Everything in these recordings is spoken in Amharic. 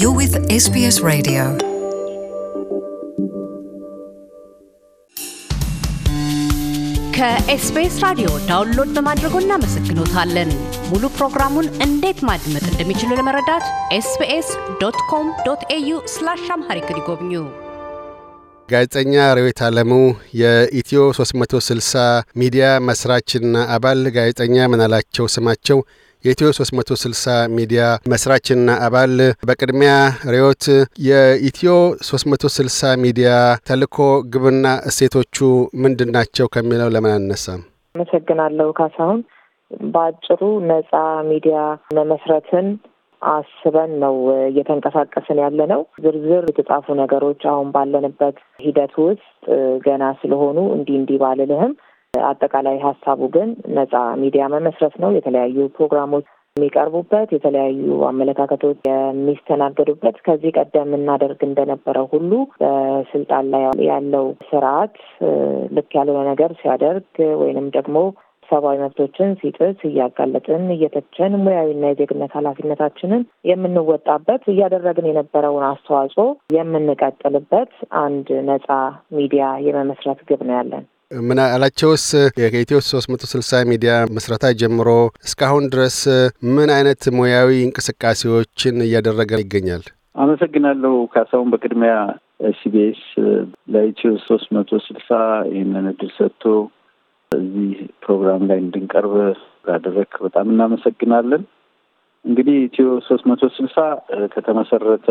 You're with SBS Radio. ከኤስቢኤስ ራዲዮ ዳውንሎድ በማድረጎ እናመሰግኖታለን። ሙሉ ፕሮግራሙን እንዴት ማድመጥ እንደሚችሉ ለመረዳት ኤስቢኤስ ዶት ኮም ዶት ኤዩ ስላሽ አምሃሪክ ይጎብኙ። ጋዜጠኛ ሬዊት አለሙ የኢትዮ 360 ሚዲያ መስራችና አባል፣ ጋዜጠኛ ምናላቸው ስማቸው የኢትዮ 360 ሚዲያ መስራችና አባል። በቅድሚያ ሪዮት፣ የኢትዮ 360 ሚዲያ ተልኮ ግብና እሴቶቹ ምንድን ናቸው ከሚለው ለምን አነሳም? አመሰግናለሁ ካሳሁን። በአጭሩ ነጻ ሚዲያ መመስረትን አስበን ነው እየተንቀሳቀስን ያለ ነው። ዝርዝር የተጻፉ ነገሮች አሁን ባለንበት ሂደት ውስጥ ገና ስለሆኑ እንዲህ እንዲህ ባልልህም አጠቃላይ ሀሳቡ ግን ነጻ ሚዲያ መመስረት ነው። የተለያዩ ፕሮግራሞች የሚቀርቡበት፣ የተለያዩ አመለካከቶች የሚስተናገዱበት ከዚህ ቀደም የምናደርግ እንደነበረው ሁሉ በስልጣን ላይ ያለው ስርዓት ልክ ያልሆነ ነገር ሲያደርግ ወይንም ደግሞ ሰብአዊ መብቶችን ሲጥስ እያጋለጥን እየተቸን ሙያዊና የዜግነት ኃላፊነታችንን የምንወጣበት እያደረግን የነበረውን አስተዋጽኦ የምንቀጥልበት አንድ ነጻ ሚዲያ የመመስረት ግብ ነው ያለን። አላቸውስ ከኢትዮ 360 ሚዲያ መስረታ ጀምሮ እስካሁን ድረስ ምን አይነት ሙያዊ እንቅስቃሴዎችን እያደረገ ይገኛል? አመሰግናለሁ ካሳሁን። በቅድሚያ ኤስቢኤስ ለኢትዮ ሶስት መቶ ስልሳ ይህንን እድል ሰጥቶ እዚህ ፕሮግራም ላይ እንድንቀርብ ያደረግ በጣም እናመሰግናለን። እንግዲህ ኢትዮ ሶስት መቶ ስልሳ ከተመሰረተ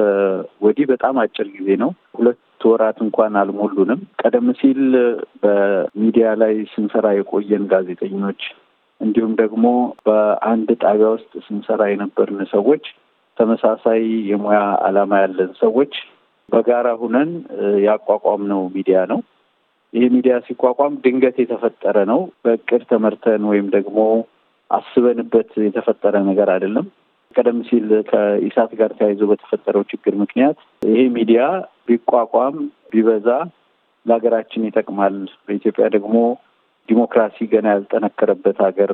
ወዲህ በጣም አጭር ጊዜ ነው። ሁለት ወራት እንኳን አልሞሉንም። ቀደም ሲል በሚዲያ ላይ ስንሰራ የቆየን ጋዜጠኞች እንዲሁም ደግሞ በአንድ ጣቢያ ውስጥ ስንሰራ የነበርን ሰዎች ተመሳሳይ የሙያ ዓላማ ያለን ሰዎች በጋራ ሁነን ያቋቋምነው ሚዲያ ነው። ይህ ሚዲያ ሲቋቋም ድንገት የተፈጠረ ነው። በእቅድ ተመርተን ወይም ደግሞ አስበንበት የተፈጠረ ነገር አይደለም። ቀደም ሲል ከኢሳት ጋር ተያይዞ በተፈጠረው ችግር ምክንያት ይሄ ሚዲያ ቢቋቋም ቢበዛ ለሀገራችን ይጠቅማል። በኢትዮጵያ ደግሞ ዲሞክራሲ ገና ያልጠነከረበት ሀገር፣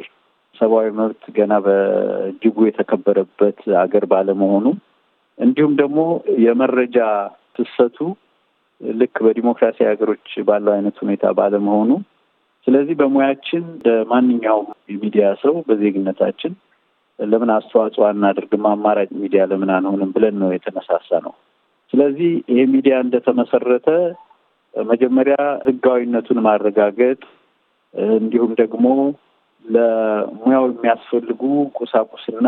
ሰብአዊ መብት ገና በእጅጉ የተከበረበት ሀገር ባለመሆኑ እንዲሁም ደግሞ የመረጃ ፍሰቱ ልክ በዲሞክራሲ ሀገሮች ባለው አይነት ሁኔታ ባለመሆኑ ስለዚህ በሙያችን ለማንኛውም የሚዲያ ሰው በዜግነታችን ለምን አስተዋጽኦ አናደርግም? አማራጭ ሚዲያ ለምን አንሆንም ብለን ነው የተነሳሳ ነው። ስለዚህ ይሄ ሚዲያ እንደተመሰረተ መጀመሪያ ህጋዊነቱን ማረጋገጥ እንዲሁም ደግሞ ለሙያው የሚያስፈልጉ ቁሳቁስና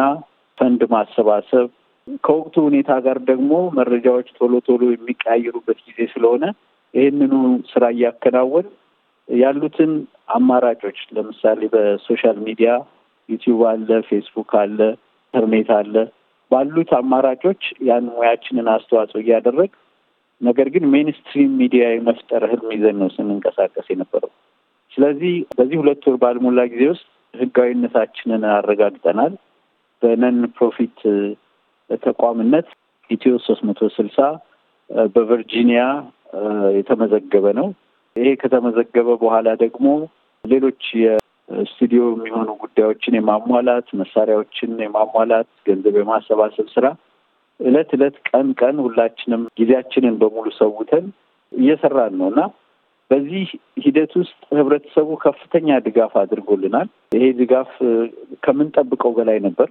ፈንድ ማሰባሰብ ከወቅቱ ሁኔታ ጋር ደግሞ መረጃዎች ቶሎ ቶሎ የሚቀያየሩበት ጊዜ ስለሆነ ይህንኑ ስራ እያከናወን ያሉትን አማራጮች ለምሳሌ በሶሻል ሚዲያ ዩቲዩብ አለ፣ ፌስቡክ አለ፣ ኢንተርኔት አለ። ባሉት አማራጮች ያን ሙያችንን አስተዋጽኦ እያደረግ ነገር ግን ሜንስትሪም ሚዲያ የመፍጠር ህልም ይዘን ነው ስንንቀሳቀስ የነበረው። ስለዚህ በዚህ ሁለት ወር ባልሞላ ጊዜ ውስጥ ህጋዊነታችንን አረጋግጠናል። በነን ፕሮፊት ተቋምነት ኢትዮ ሶስት መቶ ስልሳ በቨርጂኒያ የተመዘገበ ነው። ይሄ ከተመዘገበ በኋላ ደግሞ ሌሎች ስቱዲዮ የሚሆኑ ጉዳዮችን የማሟላት መሳሪያዎችን የማሟላት ገንዘብ የማሰባሰብ ስራ እለት እለት ቀን ቀን ሁላችንም ጊዜያችንን በሙሉ ሰውተን እየሰራን ነው እና በዚህ ሂደት ውስጥ ህብረተሰቡ ከፍተኛ ድጋፍ አድርጎልናል። ይሄ ድጋፍ ከምንጠብቀው በላይ ነበር።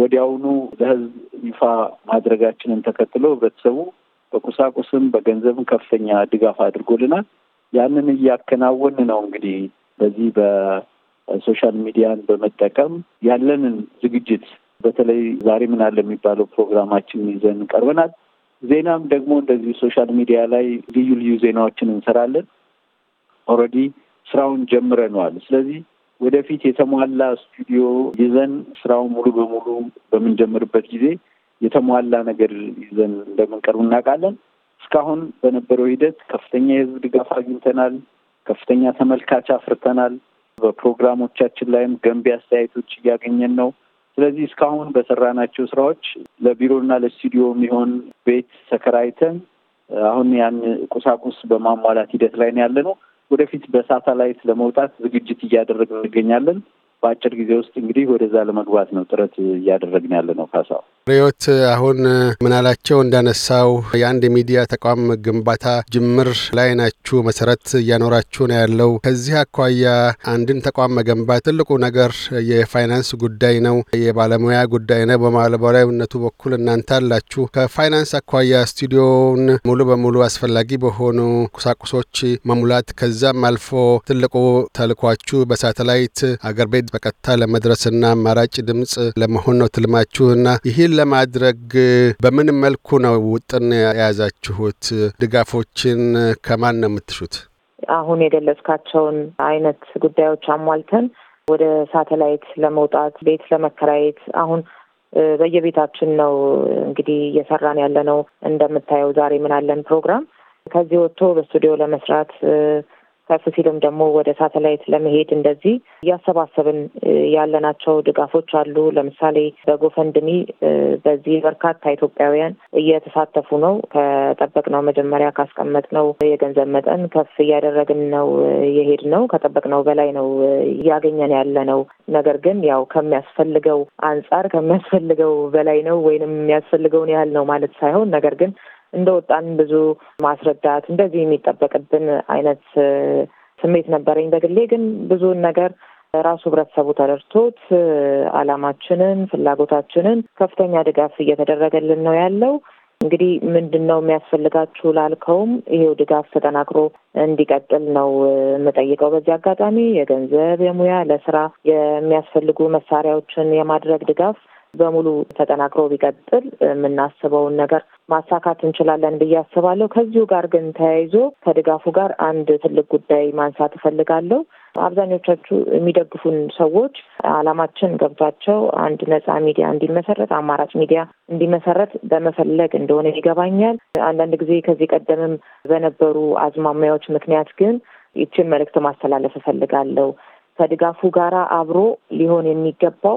ወዲያውኑ ለህዝብ ይፋ ማድረጋችንን ተከትሎ ህብረተሰቡ በቁሳቁስም በገንዘብም ከፍተኛ ድጋፍ አድርጎልናል። ያንን እያከናወን ነው እንግዲህ በዚህ በሶሻል ሚዲያን በመጠቀም ያለንን ዝግጅት በተለይ ዛሬ ምን አለ የሚባለው ፕሮግራማችን ይዘን ቀርበናል። ዜናም ደግሞ እንደዚህ ሶሻል ሚዲያ ላይ ልዩ ልዩ ዜናዎችን እንሰራለን። ኦልሬዲ ስራውን ጀምረነዋል። ስለዚህ ወደፊት የተሟላ ስቱዲዮ ይዘን ስራውን ሙሉ በሙሉ በምንጀምርበት ጊዜ የተሟላ ነገር ይዘን እንደምንቀርብ እናውቃለን። እስካሁን በነበረው ሂደት ከፍተኛ የህዝብ ድጋፍ አግኝተናል። ከፍተኛ ተመልካች አፍርተናል። በፕሮግራሞቻችን ላይም ገንቢ አስተያየቶች እያገኘን ነው። ስለዚህ እስካሁን በሰራናቸው ስራዎች ለቢሮና ለስቱዲዮ የሚሆን ቤት ተከራይተን አሁን ያን ቁሳቁስ በማሟላት ሂደት ላይ ነው ያለ ነው። ወደፊት በሳተላይት ለመውጣት ዝግጅት እያደረግን እንገኛለን። በአጭር ጊዜ ውስጥ እንግዲህ ወደዛ ለመግባት ነው ጥረት እያደረግን ያለ ነው ካሳው ሪዮት አሁን ምናላቸው እንዳነሳው የአንድ ሚዲያ ተቋም ግንባታ ጅምር ላይ ናችሁ፣ መሰረት እያኖራችሁ ነው ያለው። ከዚህ አኳያ አንድን ተቋም መገንባት ትልቁ ነገር የፋይናንስ ጉዳይ ነው፣ የባለሙያ ጉዳይ ነው። በባለሙያነቱ በኩል እናንተ አላችሁ። ከፋይናንስ አኳያ ስቱዲዮውን ሙሉ በሙሉ አስፈላጊ በሆኑ ቁሳቁሶች መሙላት፣ ከዛም አልፎ ትልቁ ተልኳችሁ በሳተላይት አገር ቤት በቀጥታ ለመድረስና አማራጭ ድምፅ ለመሆን ነው ትልማችሁና ይህል ለማድረግ በምን መልኩ ነው ውጥን የያዛችሁት? ድጋፎችን ከማን ነው የምትሹት? አሁን የገለጽካቸውን አይነት ጉዳዮች አሟልተን ወደ ሳተላይት ለመውጣት ቤት ለመከራየት አሁን በየቤታችን ነው እንግዲህ እየሰራን ያለ ነው። እንደምታየው ዛሬ ምን አለን ፕሮግራም ከዚህ ወጥቶ በስቱዲዮ ለመስራት ከፍ ሲልም ደግሞ ወደ ሳተላይት ለመሄድ እንደዚህ እያሰባሰብን ያለናቸው ድጋፎች አሉ። ለምሳሌ በጎፈንድሚ በዚህ በርካታ ኢትዮጵያውያን እየተሳተፉ ነው። ከጠበቅነው መጀመሪያ ካስቀመጥነው የገንዘብ መጠን ከፍ እያደረግን ነው የሄድ ነው። ከጠበቅነው በላይ ነው እያገኘን ያለ ነው። ነገር ግን ያው ከሚያስፈልገው አንጻር ከሚያስፈልገው በላይ ነው ወይንም የሚያስፈልገውን ያህል ነው ማለት ሳይሆን ነገር ግን እንደ ወጣን ብዙ ማስረዳት እንደዚህ የሚጠበቅብን አይነት ስሜት ነበረኝ በግሌ ግን ብዙውን ነገር ራሱ ህብረተሰቡ ተደርቶት አላማችንን፣ ፍላጎታችንን ከፍተኛ ድጋፍ እየተደረገልን ነው ያለው። እንግዲህ ምንድን ነው የሚያስፈልጋችሁ ላልከውም ይሄው ድጋፍ ተጠናክሮ እንዲቀጥል ነው የምጠይቀው። በዚህ አጋጣሚ የገንዘብ፣ የሙያ፣ ለስራ የሚያስፈልጉ መሳሪያዎችን የማድረግ ድጋፍ በሙሉ ተጠናክሮ ቢቀጥል የምናስበውን ነገር ማሳካት እንችላለን ብዬ አስባለሁ። ከዚሁ ጋር ግን ተያይዞ ከድጋፉ ጋር አንድ ትልቅ ጉዳይ ማንሳት እፈልጋለሁ። አብዛኞቻቹ የሚደግፉን ሰዎች አላማችን ገብቷቸው አንድ ነፃ ሚዲያ እንዲመሰረት አማራጭ ሚዲያ እንዲመሰረት በመፈለግ እንደሆነ ይገባኛል። አንዳንድ ጊዜ ከዚህ ቀደምም በነበሩ አዝማሚያዎች ምክንያት ግን ይችን መልእክት ማስተላለፍ እፈልጋለሁ። ከድጋፉ ጋራ አብሮ ሊሆን የሚገባው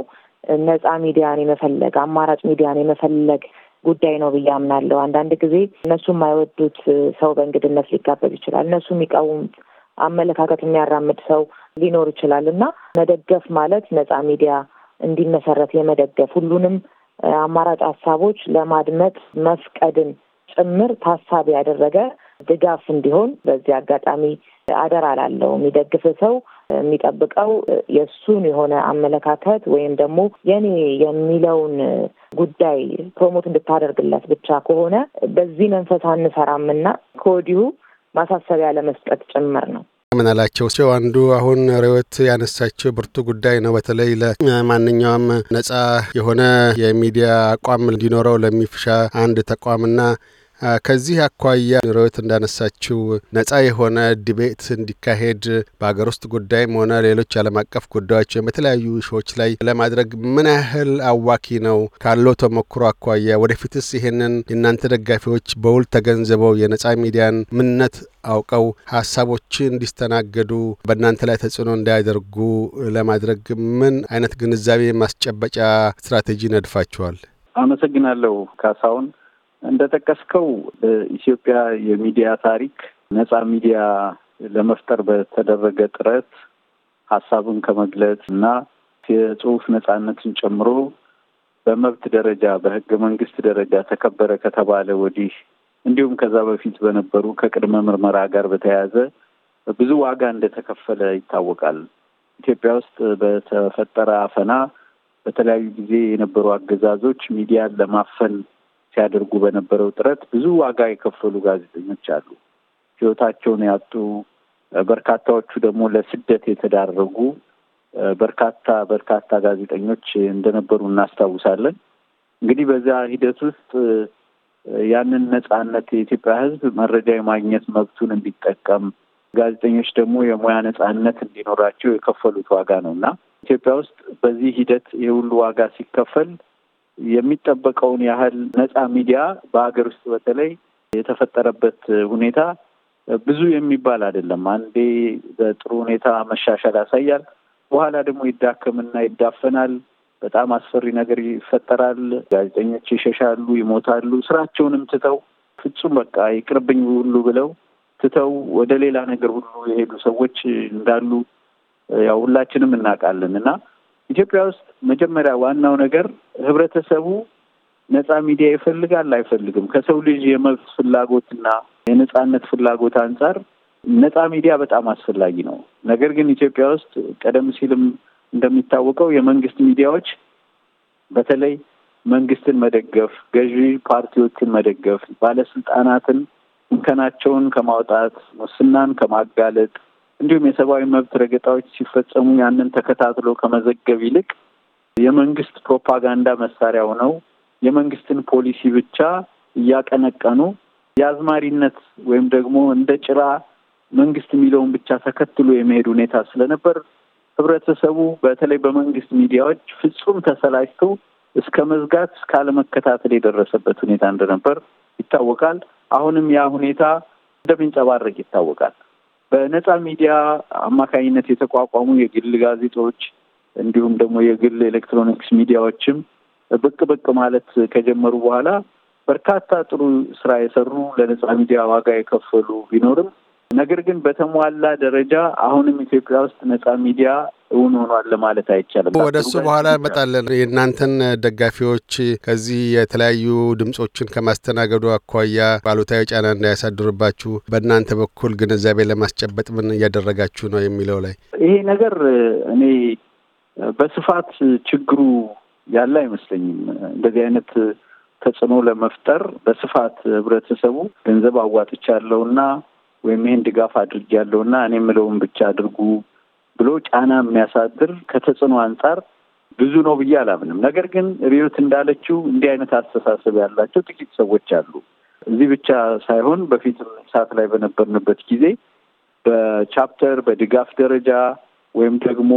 ነፃ ሚዲያን የመፈለግ አማራጭ ሚዲያን የመፈለግ ጉዳይ ነው ብዬ አምናለሁ። አንዳንድ ጊዜ እነሱ የማይወዱት ሰው በእንግድነት ሊጋበዝ ይችላል። እነሱ የሚቃወሙት አመለካከት የሚያራምድ ሰው ሊኖር ይችላል እና መደገፍ ማለት ነፃ ሚዲያ እንዲመሰረት የመደገፍ ሁሉንም አማራጭ ሀሳቦች ለማድመጥ መፍቀድን ጭምር ታሳቢ ያደረገ ድጋፍ እንዲሆን በዚህ አጋጣሚ አደራ ላለው የሚደግፍ ሰው የሚጠብቀው የእሱን የሆነ አመለካከት ወይም ደግሞ የኔ የሚለውን ጉዳይ ፕሮሞት እንድታደርግለት ብቻ ከሆነ በዚህ መንፈስ አንሰራም እና ከወዲሁ ማሳሰቢያ ለመስጠት ጭምር ነው። ምናላቸው ሲው አንዱ አሁን ርዕዮት ያነሳቸው ብርቱ ጉዳይ ነው። በተለይ ለማንኛውም ነጻ የሆነ የሚዲያ አቋም እንዲኖረው ለሚፍሻ አንድ ተቋምና ከዚህ አኳያ ሮይት እንዳነሳችው ነጻ የሆነ ዲቤት እንዲካሄድ በሀገር ውስጥ ጉዳይም ሆነ ሌሎች ዓለም አቀፍ ወይም በተለያዩ ሾዎች ላይ ለማድረግ ምን ያህል አዋኪ ነው ካለው ተሞክሮ አኳያ፣ ወደፊትስ ይህንን የእናንተ ደጋፊዎች በውል ተገንዝበው የነጻ ሚዲያን ምንነት አውቀው ሀሳቦች እንዲስተናገዱ በእናንተ ላይ ተጽዕኖ እንዳያደርጉ ለማድረግ ምን አይነት ግንዛቤ ማስጨበጫ ስትራቴጂ ነድፋችኋል? አመሰግናለሁ ካሳሁን። እንደጠቀስከው በኢትዮጵያ የሚዲያ ታሪክ ነጻ ሚዲያ ለመፍጠር በተደረገ ጥረት ሀሳብን ከመግለጽ እና የጽሁፍ ነጻነትን ጨምሮ በመብት ደረጃ በህገ መንግስት ደረጃ ተከበረ ከተባለ ወዲህ እንዲሁም ከዛ በፊት በነበሩ ከቅድመ ምርመራ ጋር በተያያዘ ብዙ ዋጋ እንደተከፈለ ይታወቃል። ኢትዮጵያ ውስጥ በተፈጠረ አፈና በተለያዩ ጊዜ የነበሩ አገዛዞች ሚዲያን ለማፈን ሲያደርጉ በነበረው ጥረት ብዙ ዋጋ የከፈሉ ጋዜጠኞች አሉ። ህይወታቸውን ያጡ፣ በርካታዎቹ ደግሞ ለስደት የተዳረጉ በርካታ በርካታ ጋዜጠኞች እንደነበሩ እናስታውሳለን። እንግዲህ በዛ ሂደት ውስጥ ያንን ነጻነት የኢትዮጵያ ህዝብ መረጃ የማግኘት መብቱን እንዲጠቀም ጋዜጠኞች ደግሞ የሙያ ነጻነት እንዲኖራቸው የከፈሉት ዋጋ ነው እና ኢትዮጵያ ውስጥ በዚህ ሂደት የሁሉ ዋጋ ሲከፈል የሚጠበቀውን ያህል ነጻ ሚዲያ በሀገር ውስጥ በተለይ የተፈጠረበት ሁኔታ ብዙ የሚባል አይደለም። አንዴ በጥሩ ሁኔታ መሻሻል ያሳያል፣ በኋላ ደግሞ ይዳከምና ይዳፈናል። በጣም አስፈሪ ነገር ይፈጠራል። ጋዜጠኞች ይሸሻሉ፣ ይሞታሉ። ስራቸውንም ትተው ፍጹም በቃ ይቅርብኝ ሁሉ ብለው ትተው ወደ ሌላ ነገር ሁሉ የሄዱ ሰዎች እንዳሉ ያው ሁላችንም እናውቃለን እና ኢትዮጵያ ውስጥ መጀመሪያ ዋናው ነገር ህብረተሰቡ ነጻ ሚዲያ ይፈልጋል አይፈልግም? ከሰው ልጅ የመብት ፍላጎትና የነጻነት ፍላጎት አንጻር ነጻ ሚዲያ በጣም አስፈላጊ ነው። ነገር ግን ኢትዮጵያ ውስጥ ቀደም ሲልም እንደሚታወቀው የመንግስት ሚዲያዎች በተለይ መንግስትን መደገፍ፣ ገዢ ፓርቲዎችን መደገፍ፣ ባለስልጣናትን እንከናቸውን ከማውጣት ሙስናን ከማጋለጥ እንዲሁም የሰብአዊ መብት ረገጣዎች ሲፈጸሙ ያንን ተከታትሎ ከመዘገብ ይልቅ የመንግስት ፕሮፓጋንዳ መሳሪያ ሆነው የመንግስትን ፖሊሲ ብቻ እያቀነቀኑ የአዝማሪነት ወይም ደግሞ እንደ ጭራ መንግስት የሚለውን ብቻ ተከትሎ የመሄድ ሁኔታ ስለነበር ህብረተሰቡ በተለይ በመንግስት ሚዲያዎች ፍጹም ተሰላጅቶ እስከ መዝጋት እስከ አለመከታተል የደረሰበት ሁኔታ እንደነበር ይታወቃል። አሁንም ያ ሁኔታ እንደሚንጸባረቅ ይታወቃል። በነጻ ሚዲያ አማካኝነት የተቋቋሙ የግል ጋዜጦች እንዲሁም ደግሞ የግል ኤሌክትሮኒክስ ሚዲያዎችም ብቅ ብቅ ማለት ከጀመሩ በኋላ በርካታ ጥሩ ስራ የሰሩ ለነጻ ሚዲያ ዋጋ የከፈሉ ቢኖርም ነገር ግን በተሟላ ደረጃ አሁንም ኢትዮጵያ ውስጥ ነጻ ሚዲያ እውን ሆኗል ለማለት አይቻልም። ወደ እሱ በኋላ እመጣለን። የእናንተን ደጋፊዎች ከዚህ የተለያዩ ድምጾችን ከማስተናገዱ አኳያ ባሉታዊ ጫና እንዳያሳድርባችሁ በእናንተ በኩል ግንዛቤ ለማስጨበጥ ምን እያደረጋችሁ ነው የሚለው ላይ ይሄ ነገር እኔ በስፋት ችግሩ ያለ አይመስለኝም። እንደዚህ አይነት ተጽዕኖ ለመፍጠር በስፋት ህብረተሰቡ ገንዘብ አዋጥቻለሁ እና ወይም ይህን ድጋፍ ያለው እና እኔ የምለውን ብቻ አድርጉ ብሎ ጫና የሚያሳድር ከተጽዕኖ አንጻር ብዙ ነው ብዬ አላምንም። ነገር ግን ሪዮት እንዳለችው እንዲህ አይነት አስተሳሰብ ያላቸው ጥቂት ሰዎች አሉ። እዚህ ብቻ ሳይሆን በፊትም ሰዓት ላይ በነበርንበት ጊዜ በቻፕተር በድጋፍ ደረጃ ወይም ደግሞ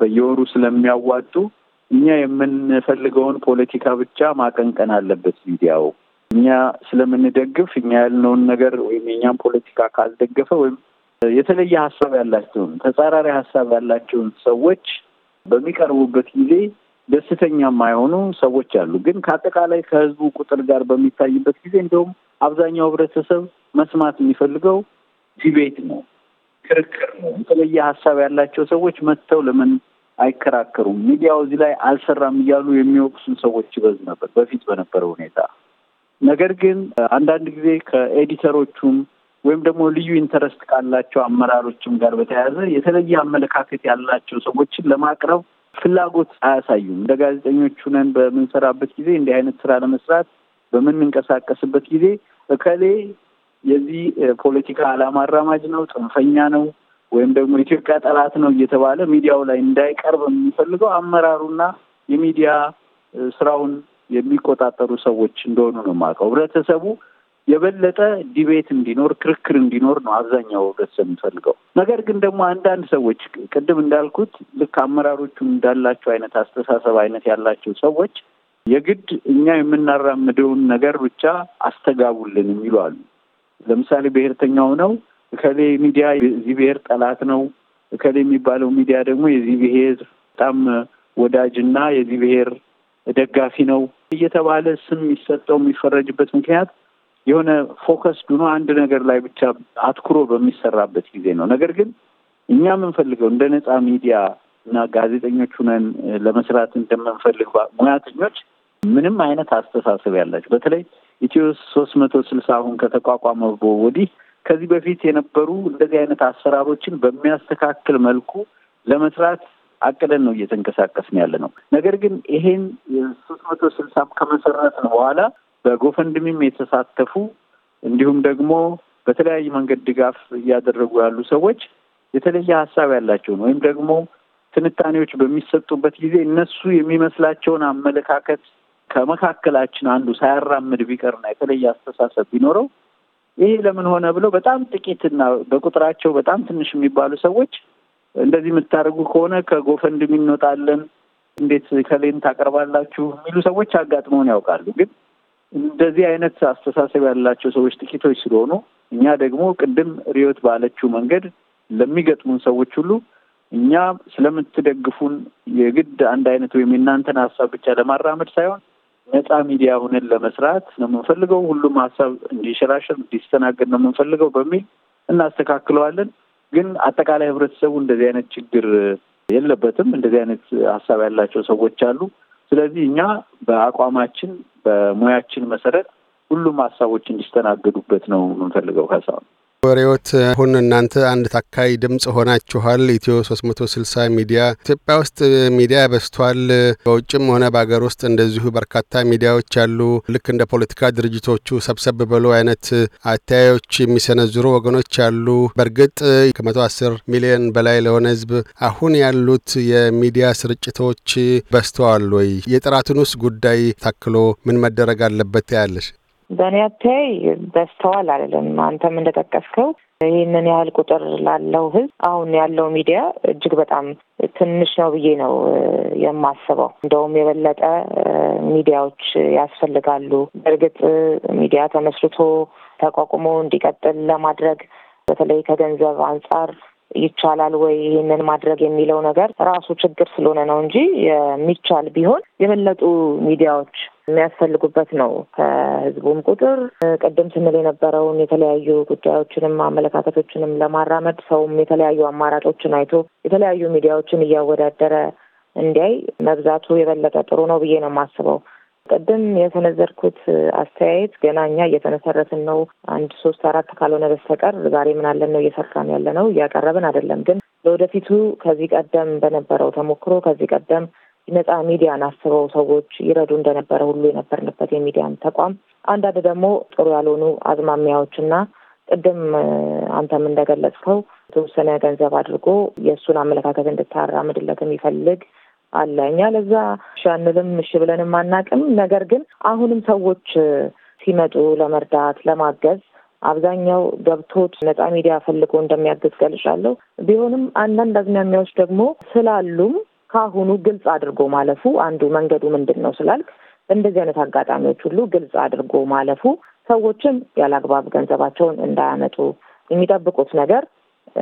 በየወሩ ስለሚያዋጡ እኛ የምንፈልገውን ፖለቲካ ብቻ ማቀንቀን አለበት ሚዲያው እኛ ስለምንደግፍ እኛ ያልነውን ነገር ወይም የእኛን ፖለቲካ ካልደገፈ ወይም የተለየ ሀሳብ ያላቸውን ተጻራሪ ሀሳብ ያላቸውን ሰዎች በሚቀርቡበት ጊዜ ደስተኛ የማይሆኑ ሰዎች አሉ። ግን ከአጠቃላይ ከህዝቡ ቁጥር ጋር በሚታይበት ጊዜ እንዲሁም አብዛኛው ህብረተሰብ መስማት የሚፈልገው ዲቤት ነው፣ ክርክር ነው። የተለየ ሀሳብ ያላቸው ሰዎች መጥተው ለምን አይከራከሩም? ሚዲያው እዚህ ላይ አልሰራም እያሉ የሚወቅሱን ሰዎች ይበዝ ነበር በፊት በነበረ ሁኔታ ነገር ግን አንዳንድ ጊዜ ከኤዲተሮቹም ወይም ደግሞ ልዩ ኢንተረስት ካላቸው አመራሮችም ጋር በተያያዘ የተለየ አመለካከት ያላቸው ሰዎችን ለማቅረብ ፍላጎት አያሳዩም። እንደ ጋዜጠኞች ነን በምንሰራበት ጊዜ እንዲህ አይነት ስራ ለመስራት በምንንቀሳቀስበት ጊዜ እከሌ የዚህ ፖለቲካ ዓላማ አራማጅ ነው፣ ጽንፈኛ ነው ወይም ደግሞ ኢትዮጵያ ጠላት ነው እየተባለ ሚዲያው ላይ እንዳይቀርብ የሚፈልገው አመራሩና የሚዲያ ስራውን የሚቆጣጠሩ ሰዎች እንደሆኑ ነው የማውቀው። ህብረተሰቡ የበለጠ ዲቤት እንዲኖር ክርክር እንዲኖር ነው አብዛኛው ህብረተሰብ የሚፈልገው። ነገር ግን ደግሞ አንዳንድ ሰዎች ቅድም እንዳልኩት ልክ አመራሮቹ እንዳላቸው አይነት አስተሳሰብ አይነት ያላቸው ሰዎች የግድ እኛ የምናራምደውን ነገር ብቻ አስተጋቡልን የሚሉ አሉ። ለምሳሌ ብሔርተኛው ነው እከሌ ሚዲያ የዚህ ብሔር ጠላት ነው፣ እከሌ የሚባለው ሚዲያ ደግሞ የዚህ ብሔር በጣም ወዳጅና የዚህ ብሔር ደጋፊ ነው እየተባለ ስም የሚሰጠው የሚፈረጅበት ምክንያት የሆነ ፎከስ ዱኖ አንድ ነገር ላይ ብቻ አትኩሮ በሚሰራበት ጊዜ ነው። ነገር ግን እኛ የምንፈልገው እንደ ነፃ ሚዲያ እና ጋዜጠኞች ሁነን ለመስራት እንደምንፈልግ ሙያተኞች ምንም አይነት አስተሳሰብ ያላቸው በተለይ ኢትዮ ሶስት መቶ ስልሳ አሁን ከተቋቋመ ወዲህ ከዚህ በፊት የነበሩ እንደዚህ አይነት አሰራሮችን በሚያስተካክል መልኩ ለመስራት አቅደን ነው እየተንቀሳቀስን ያለ ነው። ነገር ግን ይሄን የሶስት መቶ ስልሳም ነው በኋላ በጎፈንድሚም የተሳተፉ እንዲሁም ደግሞ በተለያየ መንገድ ድጋፍ እያደረጉ ያሉ ሰዎች የተለየ ሀሳብ ያላቸውን ወይም ደግሞ ትንታኔዎች በሚሰጡበት ጊዜ እነሱ የሚመስላቸውን አመለካከት ከመካከላችን አንዱ ሳያራምድ ቢቀርና የተለየ አስተሳሰብ ቢኖረው ይሄ ለምን ሆነ ብለው በጣም ጥቂትና በቁጥራቸው በጣም ትንሽ የሚባሉ ሰዎች እንደዚህ የምታደርጉ ከሆነ ከጎፈንድሚ እንወጣለን፣ እንዴት ከሌን ታቀርባላችሁ የሚሉ ሰዎች አጋጥመውን ያውቃሉ። ግን እንደዚህ አይነት አስተሳሰብ ያላቸው ሰዎች ጥቂቶች ስለሆኑ እኛ ደግሞ ቅድም ሪዮት ባለችው መንገድ ለሚገጥሙን ሰዎች ሁሉ እኛ ስለምትደግፉን የግድ አንድ አይነት ወይም የእናንተን ሀሳብ ብቻ ለማራመድ ሳይሆን ነፃ ሚዲያ ሆነን ለመስራት ነው የምንፈልገው። ሁሉም ሀሳብ እንዲሸራሸር እንዲስተናገድ ነው የምንፈልገው በሚል እናስተካክለዋለን። ግን አጠቃላይ ህብረተሰቡ እንደዚህ አይነት ችግር የለበትም። እንደዚህ አይነት ሀሳብ ያላቸው ሰዎች አሉ። ስለዚህ እኛ በአቋማችን በሙያችን መሰረት ሁሉም ሀሳቦች እንዲስተናገዱበት ነው የምንፈልገው። ካሳሁን ወሬዎት አሁን እናንተ አንድ ታካይ ድምጽ ሆናችኋል። ኢትዮ 360 ሚዲያ ኢትዮጵያ ውስጥ ሚዲያ በስቷል። በውጭም ሆነ በሀገር ውስጥ እንደዚሁ በርካታ ሚዲያዎች አሉ። ልክ እንደ ፖለቲካ ድርጅቶቹ ሰብሰብ ብሎ አይነት አተያዮች የሚሰነዝሩ ወገኖች አሉ። በእርግጥ ከ110 ሚሊዮን በላይ ለሆነ ህዝብ አሁን ያሉት የሚዲያ ስርጭቶች በስተዋል ወይ? የጥራቱን ውስጥ ጉዳይ ታክሎ ምን መደረግ አለበት ያለሽ በእኔ አተያይ በስተዋል አይደለም። አንተም እንደጠቀስከው ይህንን ያህል ቁጥር ላለው ህዝብ አሁን ያለው ሚዲያ እጅግ በጣም ትንሽ ነው ብዬ ነው የማስበው። እንደውም የበለጠ ሚዲያዎች ያስፈልጋሉ። በእርግጥ ሚዲያ ተመስርቶ ተቋቁሞ እንዲቀጥል ለማድረግ በተለይ ከገንዘብ አንጻር ይቻላል ወይ ይህንን ማድረግ የሚለው ነገር ራሱ ችግር ስለሆነ ነው እንጂ የሚቻል ቢሆን የበለጡ ሚዲያዎች የሚያስፈልጉበት ነው። ከህዝቡም ቁጥር ቅድም ስንል የነበረውን የተለያዩ ጉዳዮችንም አመለካከቶችንም ለማራመድ ሰውም የተለያዩ አማራጮችን አይቶ የተለያዩ ሚዲያዎችን እያወዳደረ እንዲያይ መብዛቱ የበለጠ ጥሩ ነው ብዬ ነው የማስበው። ቅድም የሰነዘርኩት አስተያየት ገና እኛ እየተመሰረትን ነው። አንድ ሶስት አራት ካልሆነ በስተቀር ዛሬ ምን አለን ነው እየሰራን ያለ ነው እያቀረብን አይደለም። ግን ለወደፊቱ ከዚህ ቀደም በነበረው ተሞክሮ ከዚህ ቀደም ነጻ ሚዲያን አስበው ሰዎች ይረዱ እንደነበረ ሁሉ የነበርንበት የሚዲያን ተቋም አንዳንድ ደግሞ ጥሩ ያልሆኑ አዝማሚያዎችና ቅድም አንተም እንደገለጽከው የተወሰነ ገንዘብ አድርጎ የእሱን አመለካከት እንድታራምድለት የሚፈልግ አለ። እኛ ለዛ እሺ አንልም፣ እሺ ብለንም አናቅም ነገር ግን አሁንም ሰዎች ሲመጡ ለመርዳት ለማገዝ አብዛኛው ገብቶት ነጻ ሚዲያ ፈልጎ እንደሚያግዝ ገልጫለሁ። ቢሆንም አንዳንድ አዝማሚያዎች ደግሞ ስላሉም ከአሁኑ ግልጽ አድርጎ ማለፉ አንዱ መንገዱ ምንድን ነው ስላልክ በእንደዚህ አይነት አጋጣሚዎች ሁሉ ግልጽ አድርጎ ማለፉ ሰዎችም ያለአግባብ ገንዘባቸውን እንዳያመጡ የሚጠብቁት ነገር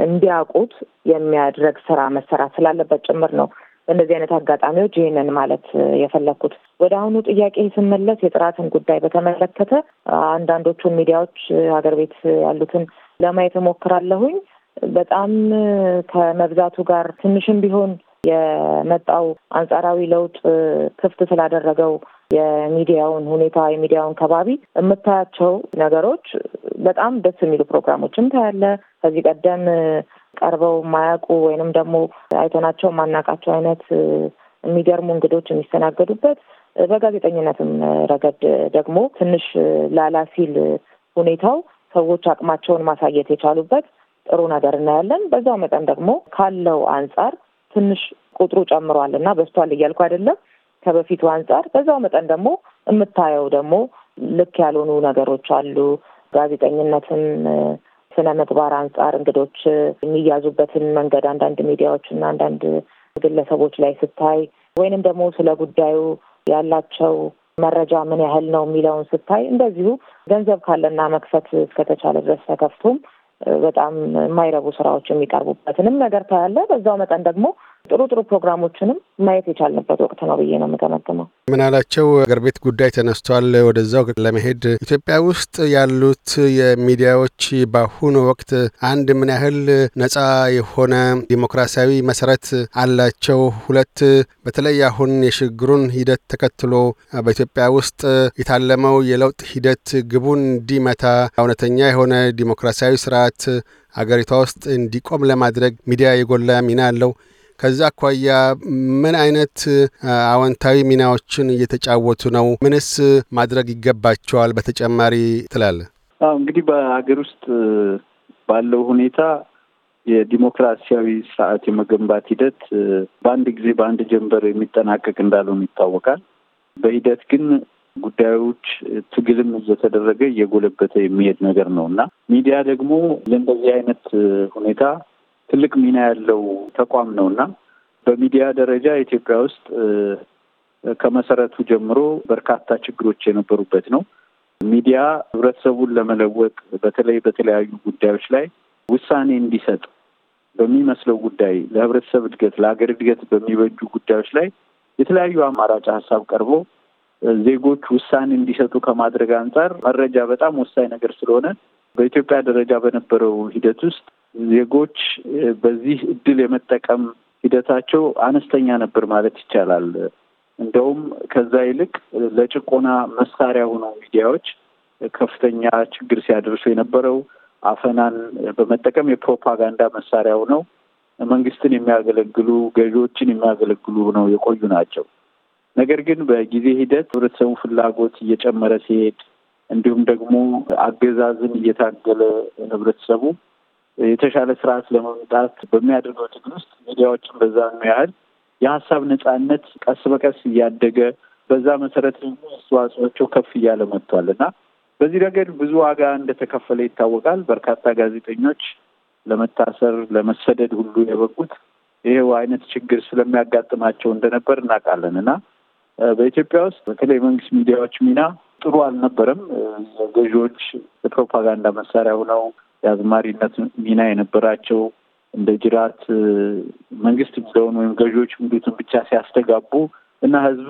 እንዲያውቁት የሚያድረግ ስራ መሰራት ስላለበት ጭምር ነው። በእንደዚህ አይነት አጋጣሚዎች ይህንን ማለት የፈለግኩት። ወደ አሁኑ ጥያቄ ስመለስ የጥራትን ጉዳይ በተመለከተ አንዳንዶቹን ሚዲያዎች ሀገር ቤት ያሉትን ለማየት እሞክራለሁኝ። በጣም ከመብዛቱ ጋር ትንሽም ቢሆን የመጣው አንጻራዊ ለውጥ ክፍት ስላደረገው የሚዲያውን ሁኔታ የሚዲያውን ከባቢ የምታያቸው ነገሮች በጣም ደስ የሚሉ ፕሮግራሞችም ታያለ። ከዚህ ቀደም ቀርበው ማያቁ ወይንም ደግሞ አይተናቸው ማናቃቸው አይነት የሚገርሙ እንግዶች የሚስተናገዱበት በጋዜጠኝነትም ረገድ ደግሞ ትንሽ ላላ ሲል ሁኔታው ሰዎች አቅማቸውን ማሳየት የቻሉበት ጥሩ ነገር እናያለን። በዛው መጠን ደግሞ ካለው አንጻር ትንሽ ቁጥሩ ጨምሯል እና በስቷል እያልኩ አይደለም ከበፊቱ አንጻር። በዛው መጠን ደግሞ የምታየው ደግሞ ልክ ያልሆኑ ነገሮች አሉ። ጋዜጠኝነትም ስነ ምግባር አንጻር እንግዶች የሚያዙበትን መንገድ አንዳንድ ሚዲያዎች እና አንዳንድ ግለሰቦች ላይ ስታይ ወይንም ደግሞ ስለ ጉዳዩ ያላቸው መረጃ ምን ያህል ነው የሚለውን ስታይ እንደዚሁ ገንዘብ ካለና መክፈት እስከተቻለ ድረስ ተከፍቶም በጣም የማይረቡ ስራዎች የሚቀርቡበትንም ነገር ታያለ። በዛው መጠን ደግሞ ጥሩ ጥሩ ፕሮግራሞችንም ማየት የቻልንበት ወቅት ነው ብዬ ነው የምገመግመው። አላቸው? አገር ቤት ጉዳይ ተነስቷል። ወደዛው ለመሄድ ኢትዮጵያ ውስጥ ያሉት የሚዲያዎች በአሁኑ ወቅት አንድ ምን ያህል ነጻ የሆነ ዲሞክራሲያዊ መሰረት አላቸው? ሁለት በተለይ አሁን የሽግሩን ሂደት ተከትሎ በኢትዮጵያ ውስጥ የታለመው የለውጥ ሂደት ግቡን እንዲመታ እውነተኛ የሆነ ዲሞክራሲያዊ ስርዓት አገሪቷ ውስጥ እንዲቆም ለማድረግ ሚዲያ የጎላ ሚና አለው። ከዛ አኳያ ምን አይነት አዎንታዊ ሚናዎችን እየተጫወቱ ነው? ምንስ ማድረግ ይገባቸዋል? በተጨማሪ ትላለ። እንግዲህ በሀገር ውስጥ ባለው ሁኔታ የዲሞክራሲያዊ ስርዓት የመገንባት ሂደት በአንድ ጊዜ በአንድ ጀንበር የሚጠናቀቅ እንዳልሆነ ይታወቃል። በሂደት ግን ጉዳዮች ትግልም እየተደረገ እየጎለበተ የሚሄድ ነገር ነው እና ሚዲያ ደግሞ ለእንደዚህ አይነት ሁኔታ ትልቅ ሚና ያለው ተቋም ነው እና በሚዲያ ደረጃ ኢትዮጵያ ውስጥ ከመሰረቱ ጀምሮ በርካታ ችግሮች የነበሩበት ነው። ሚዲያ ህብረተሰቡን ለመለወጥ በተለይ በተለያዩ ጉዳዮች ላይ ውሳኔ እንዲሰጥ በሚመስለው ጉዳይ ለህብረተሰብ እድገት፣ ለሀገር እድገት በሚበጁ ጉዳዮች ላይ የተለያዩ አማራጭ ሀሳብ ቀርቦ ዜጎች ውሳኔ እንዲሰጡ ከማድረግ አንጻር መረጃ በጣም ወሳኝ ነገር ስለሆነ በኢትዮጵያ ደረጃ በነበረው ሂደት ውስጥ ዜጎች በዚህ እድል የመጠቀም ሂደታቸው አነስተኛ ነበር ማለት ይቻላል። እንደውም ከዛ ይልቅ ለጭቆና መሳሪያ ሆኖ ሚዲያዎች ከፍተኛ ችግር ሲያደርሱ የነበረው አፈናን በመጠቀም የፕሮፓጋንዳ መሳሪያ ሆነው መንግስትን የሚያገለግሉ ገዢዎችን የሚያገለግሉ ሆነው የቆዩ ናቸው። ነገር ግን በጊዜ ሂደት ህብረተሰቡ ፍላጎት እየጨመረ ሲሄድ እንዲሁም ደግሞ አገዛዝን እየታገለ ህብረተሰቡ የተሻለ ስርዓት ለመምጣት በሚያደርገው ትግል ውስጥ ሚዲያዎችን በዛ ያህል የሀሳብ ነጻነት ቀስ በቀስ እያደገ በዛ መሰረት ደግሞ አስተዋጽኦቸው ከፍ እያለ መጥቷል እና በዚህ ረገድ ብዙ ዋጋ እንደተከፈለ ይታወቃል። በርካታ ጋዜጠኞች ለመታሰር፣ ለመሰደድ ሁሉ የበቁት ይሄው አይነት ችግር ስለሚያጋጥማቸው እንደነበር እናውቃለን እና በኢትዮጵያ ውስጥ በተለይ መንግስት ሚዲያዎች ሚና ጥሩ አልነበረም። ገዢዎች የፕሮፓጋንዳ መሳሪያ ሆነው የአዝማሪነት ሚና የነበራቸው እንደ ጅራት መንግስት የሚለውን ወይም ገዢዎች የሚሉትን ብቻ ሲያስተጋቡ እና ህዝቡ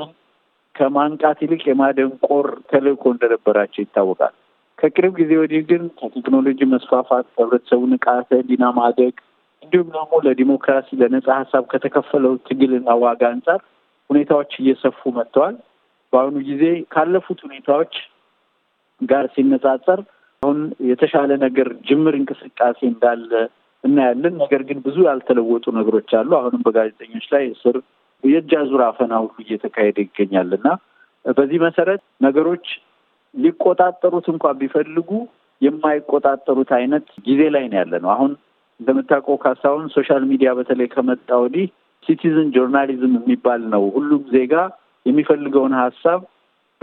ከማንቃት ይልቅ የማደንቆር ተልእኮ እንደነበራቸው ይታወቃል። ከቅርብ ጊዜ ወዲህ ግን ከቴክኖሎጂ መስፋፋት ከህብረተሰቡ ንቃተ ህሊና ማደግ እንዲሁም ደግሞ ለዲሞክራሲ ለነጻ ሀሳብ ከተከፈለው ትግልና ዋጋ አንጻር ሁኔታዎች እየሰፉ መጥተዋል። በአሁኑ ጊዜ ካለፉት ሁኔታዎች ጋር ሲነጻጸር አሁን የተሻለ ነገር ጅምር እንቅስቃሴ እንዳለ እናያለን። ነገር ግን ብዙ ያልተለወጡ ነገሮች አሉ። አሁንም በጋዜጠኞች ላይ እስር፣ የእጅ አዙር አፈና ሁሉ እየተካሄደ ይገኛል እና በዚህ መሰረት ነገሮች ሊቆጣጠሩት እንኳን ቢፈልጉ የማይቆጣጠሩት አይነት ጊዜ ላይ ነው ያለ ነው። አሁን እንደምታውቀው ካሳሁን ሶሻል ሚዲያ በተለይ ከመጣ ወዲህ ሲቲዝን ጆርናሊዝም የሚባል ነው። ሁሉም ዜጋ የሚፈልገውን ሀሳብ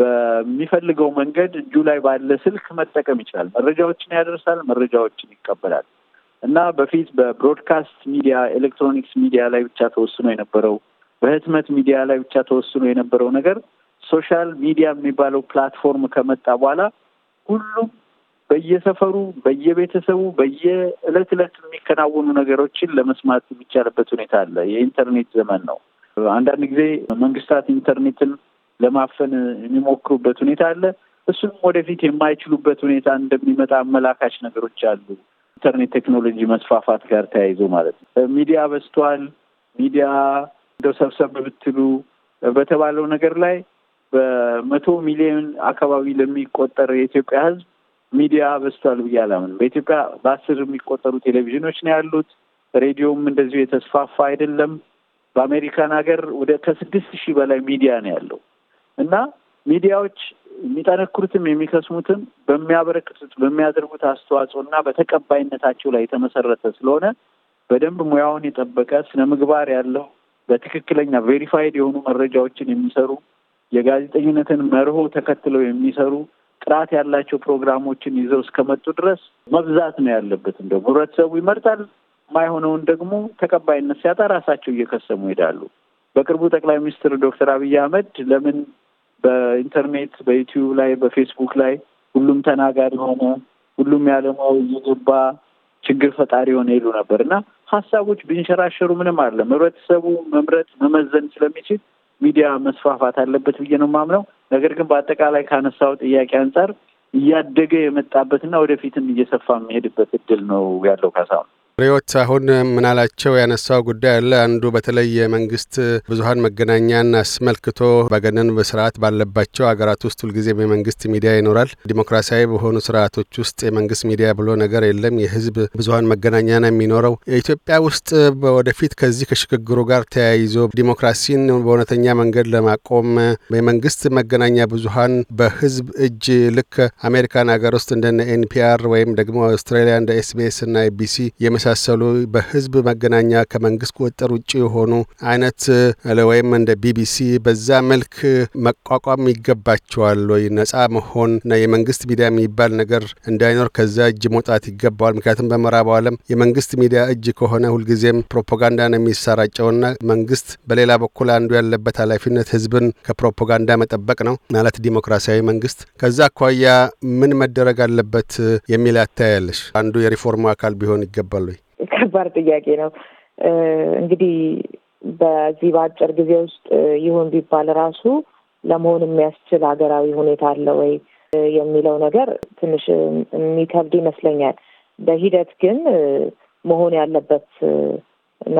በሚፈልገው መንገድ እጁ ላይ ባለ ስልክ መጠቀም ይችላል። መረጃዎችን ያደርሳል፣ መረጃዎችን ይቀበላል እና በፊት በብሮድካስት ሚዲያ፣ ኤሌክትሮኒክስ ሚዲያ ላይ ብቻ ተወስኖ የነበረው በህትመት ሚዲያ ላይ ብቻ ተወስኖ የነበረው ነገር ሶሻል ሚዲያ የሚባለው ፕላትፎርም ከመጣ በኋላ ሁሉም በየሰፈሩ፣ በየቤተሰቡ፣ በየዕለት ዕለት የሚከናወኑ ነገሮችን ለመስማት የሚቻልበት ሁኔታ አለ። የኢንተርኔት ዘመን ነው። አንዳንድ ጊዜ መንግስታት ኢንተርኔትን ለማፈን የሚሞክሩበት ሁኔታ አለ። እሱም ወደፊት የማይችሉበት ሁኔታ እንደሚመጣ አመላካች ነገሮች አሉ። ኢንተርኔት ቴክኖሎጂ መስፋፋት ጋር ተያይዞ ማለት ነው። ሚዲያ በዝቷል። ሚዲያ እንደው ሰብሰብ ብትሉ በተባለው ነገር ላይ በመቶ ሚሊዮን አካባቢ ለሚቆጠር የኢትዮጵያ ሕዝብ ሚዲያ በዝቷል ብዬ አላምን። በኢትዮጵያ በአስር የሚቆጠሩ ቴሌቪዥኖች ነው ያሉት። ሬዲዮም እንደዚሁ የተስፋፋ አይደለም። በአሜሪካን ሀገር ወደ ከስድስት ሺህ በላይ ሚዲያ ነው ያለው። እና ሚዲያዎች የሚጠነክሩትም የሚከስሙትም በሚያበረክቱት በሚያደርጉት አስተዋጽኦ እና በተቀባይነታቸው ላይ የተመሰረተ ስለሆነ በደንብ ሙያውን የጠበቀ ስነ ምግባር ያለው በትክክለኛ ቬሪፋይድ የሆኑ መረጃዎችን የሚሰሩ የጋዜጠኝነትን መርሆ ተከትለው የሚሰሩ ጥራት ያላቸው ፕሮግራሞችን ይዘው እስከመጡ ድረስ መብዛት ነው ያለበት። እንደ ህብረተሰቡ ይመርጣል። የማይሆነውን ደግሞ ተቀባይነት ሲያጣ ራሳቸው እየከሰሙ ይሄዳሉ። በቅርቡ ጠቅላይ ሚኒስትር ዶክተር አብይ አህመድ ለምን በኢንተርኔት በዩቲዩብ ላይ በፌስቡክ ላይ ሁሉም ተናጋሪ ሆነ፣ ሁሉም ያለማው እየገባ ችግር ፈጣሪ ሆነ ይሉ ነበር እና ሀሳቦች ቢንሸራሸሩ ምንም አለ ህብረተሰቡ መምረጥ መመዘን ስለሚችል ሚዲያ መስፋፋት አለበት ብዬ ነው የማምነው። ነገር ግን በአጠቃላይ ካነሳው ጥያቄ አንጻር እያደገ የመጣበትና ወደፊትም እየሰፋ የሚሄድበት እድል ነው ያለው ካሳሁን። ሪዮት አሁን ምናላቸው ያነሳው ጉዳይ አለ። አንዱ በተለይ የመንግስት ብዙሀን መገናኛን አስመልክቶ በገነን ስርዓት ባለባቸው ሀገራት ውስጥ ሁልጊዜም የመንግስት ሚዲያ ይኖራል። ዲሞክራሲያዊ በሆኑ ስርዓቶች ውስጥ የመንግስት ሚዲያ ብሎ ነገር የለም። የህዝብ ብዙሀን መገናኛ ነው የሚኖረው። ኢትዮጵያ ውስጥ ወደፊት ከዚህ ከሽግግሩ ጋር ተያይዞ ዲሞክራሲን በእውነተኛ መንገድ ለማቆም የመንግስት መገናኛ ብዙሀን በህዝብ እጅ ልክ አሜሪካን ሀገር ውስጥ እንደነ ኤንፒአር ወይም ደግሞ አውስትራሊያ እንደ ኤስቢኤስ እና ኤቢሲ የመሳሰሉ በህዝብ መገናኛ ከመንግስት ቁጥጥር ውጭ የሆኑ አይነት ወይም እንደ ቢቢሲ በዛ መልክ መቋቋም ይገባቸዋል ወይ? ነጻ መሆን እና የመንግስት ሚዲያ የሚባል ነገር እንዳይኖር ከዛ እጅ መውጣት ይገባዋል። ምክንያቱም በምዕራብ ዓለም የመንግስት ሚዲያ እጅ ከሆነ ሁልጊዜም ፕሮፓጋንዳ ነው የሚሰራጨውና መንግስት በሌላ በኩል አንዱ ያለበት ኃላፊነት ህዝብን ከፕሮፓጋንዳ መጠበቅ ነው ማለት ዲሞክራሲያዊ መንግስት። ከዛ አኳያ ምን መደረግ አለበት የሚል አታያለሽ? አንዱ የሪፎርሙ አካል ቢሆን ይገባል። ከባድ ጥያቄ ነው። እንግዲህ በዚህ በአጭር ጊዜ ውስጥ ይሁን ቢባል ራሱ ለመሆን የሚያስችል ሀገራዊ ሁኔታ አለ ወይ የሚለው ነገር ትንሽ የሚከብድ ይመስለኛል። በሂደት ግን መሆን ያለበት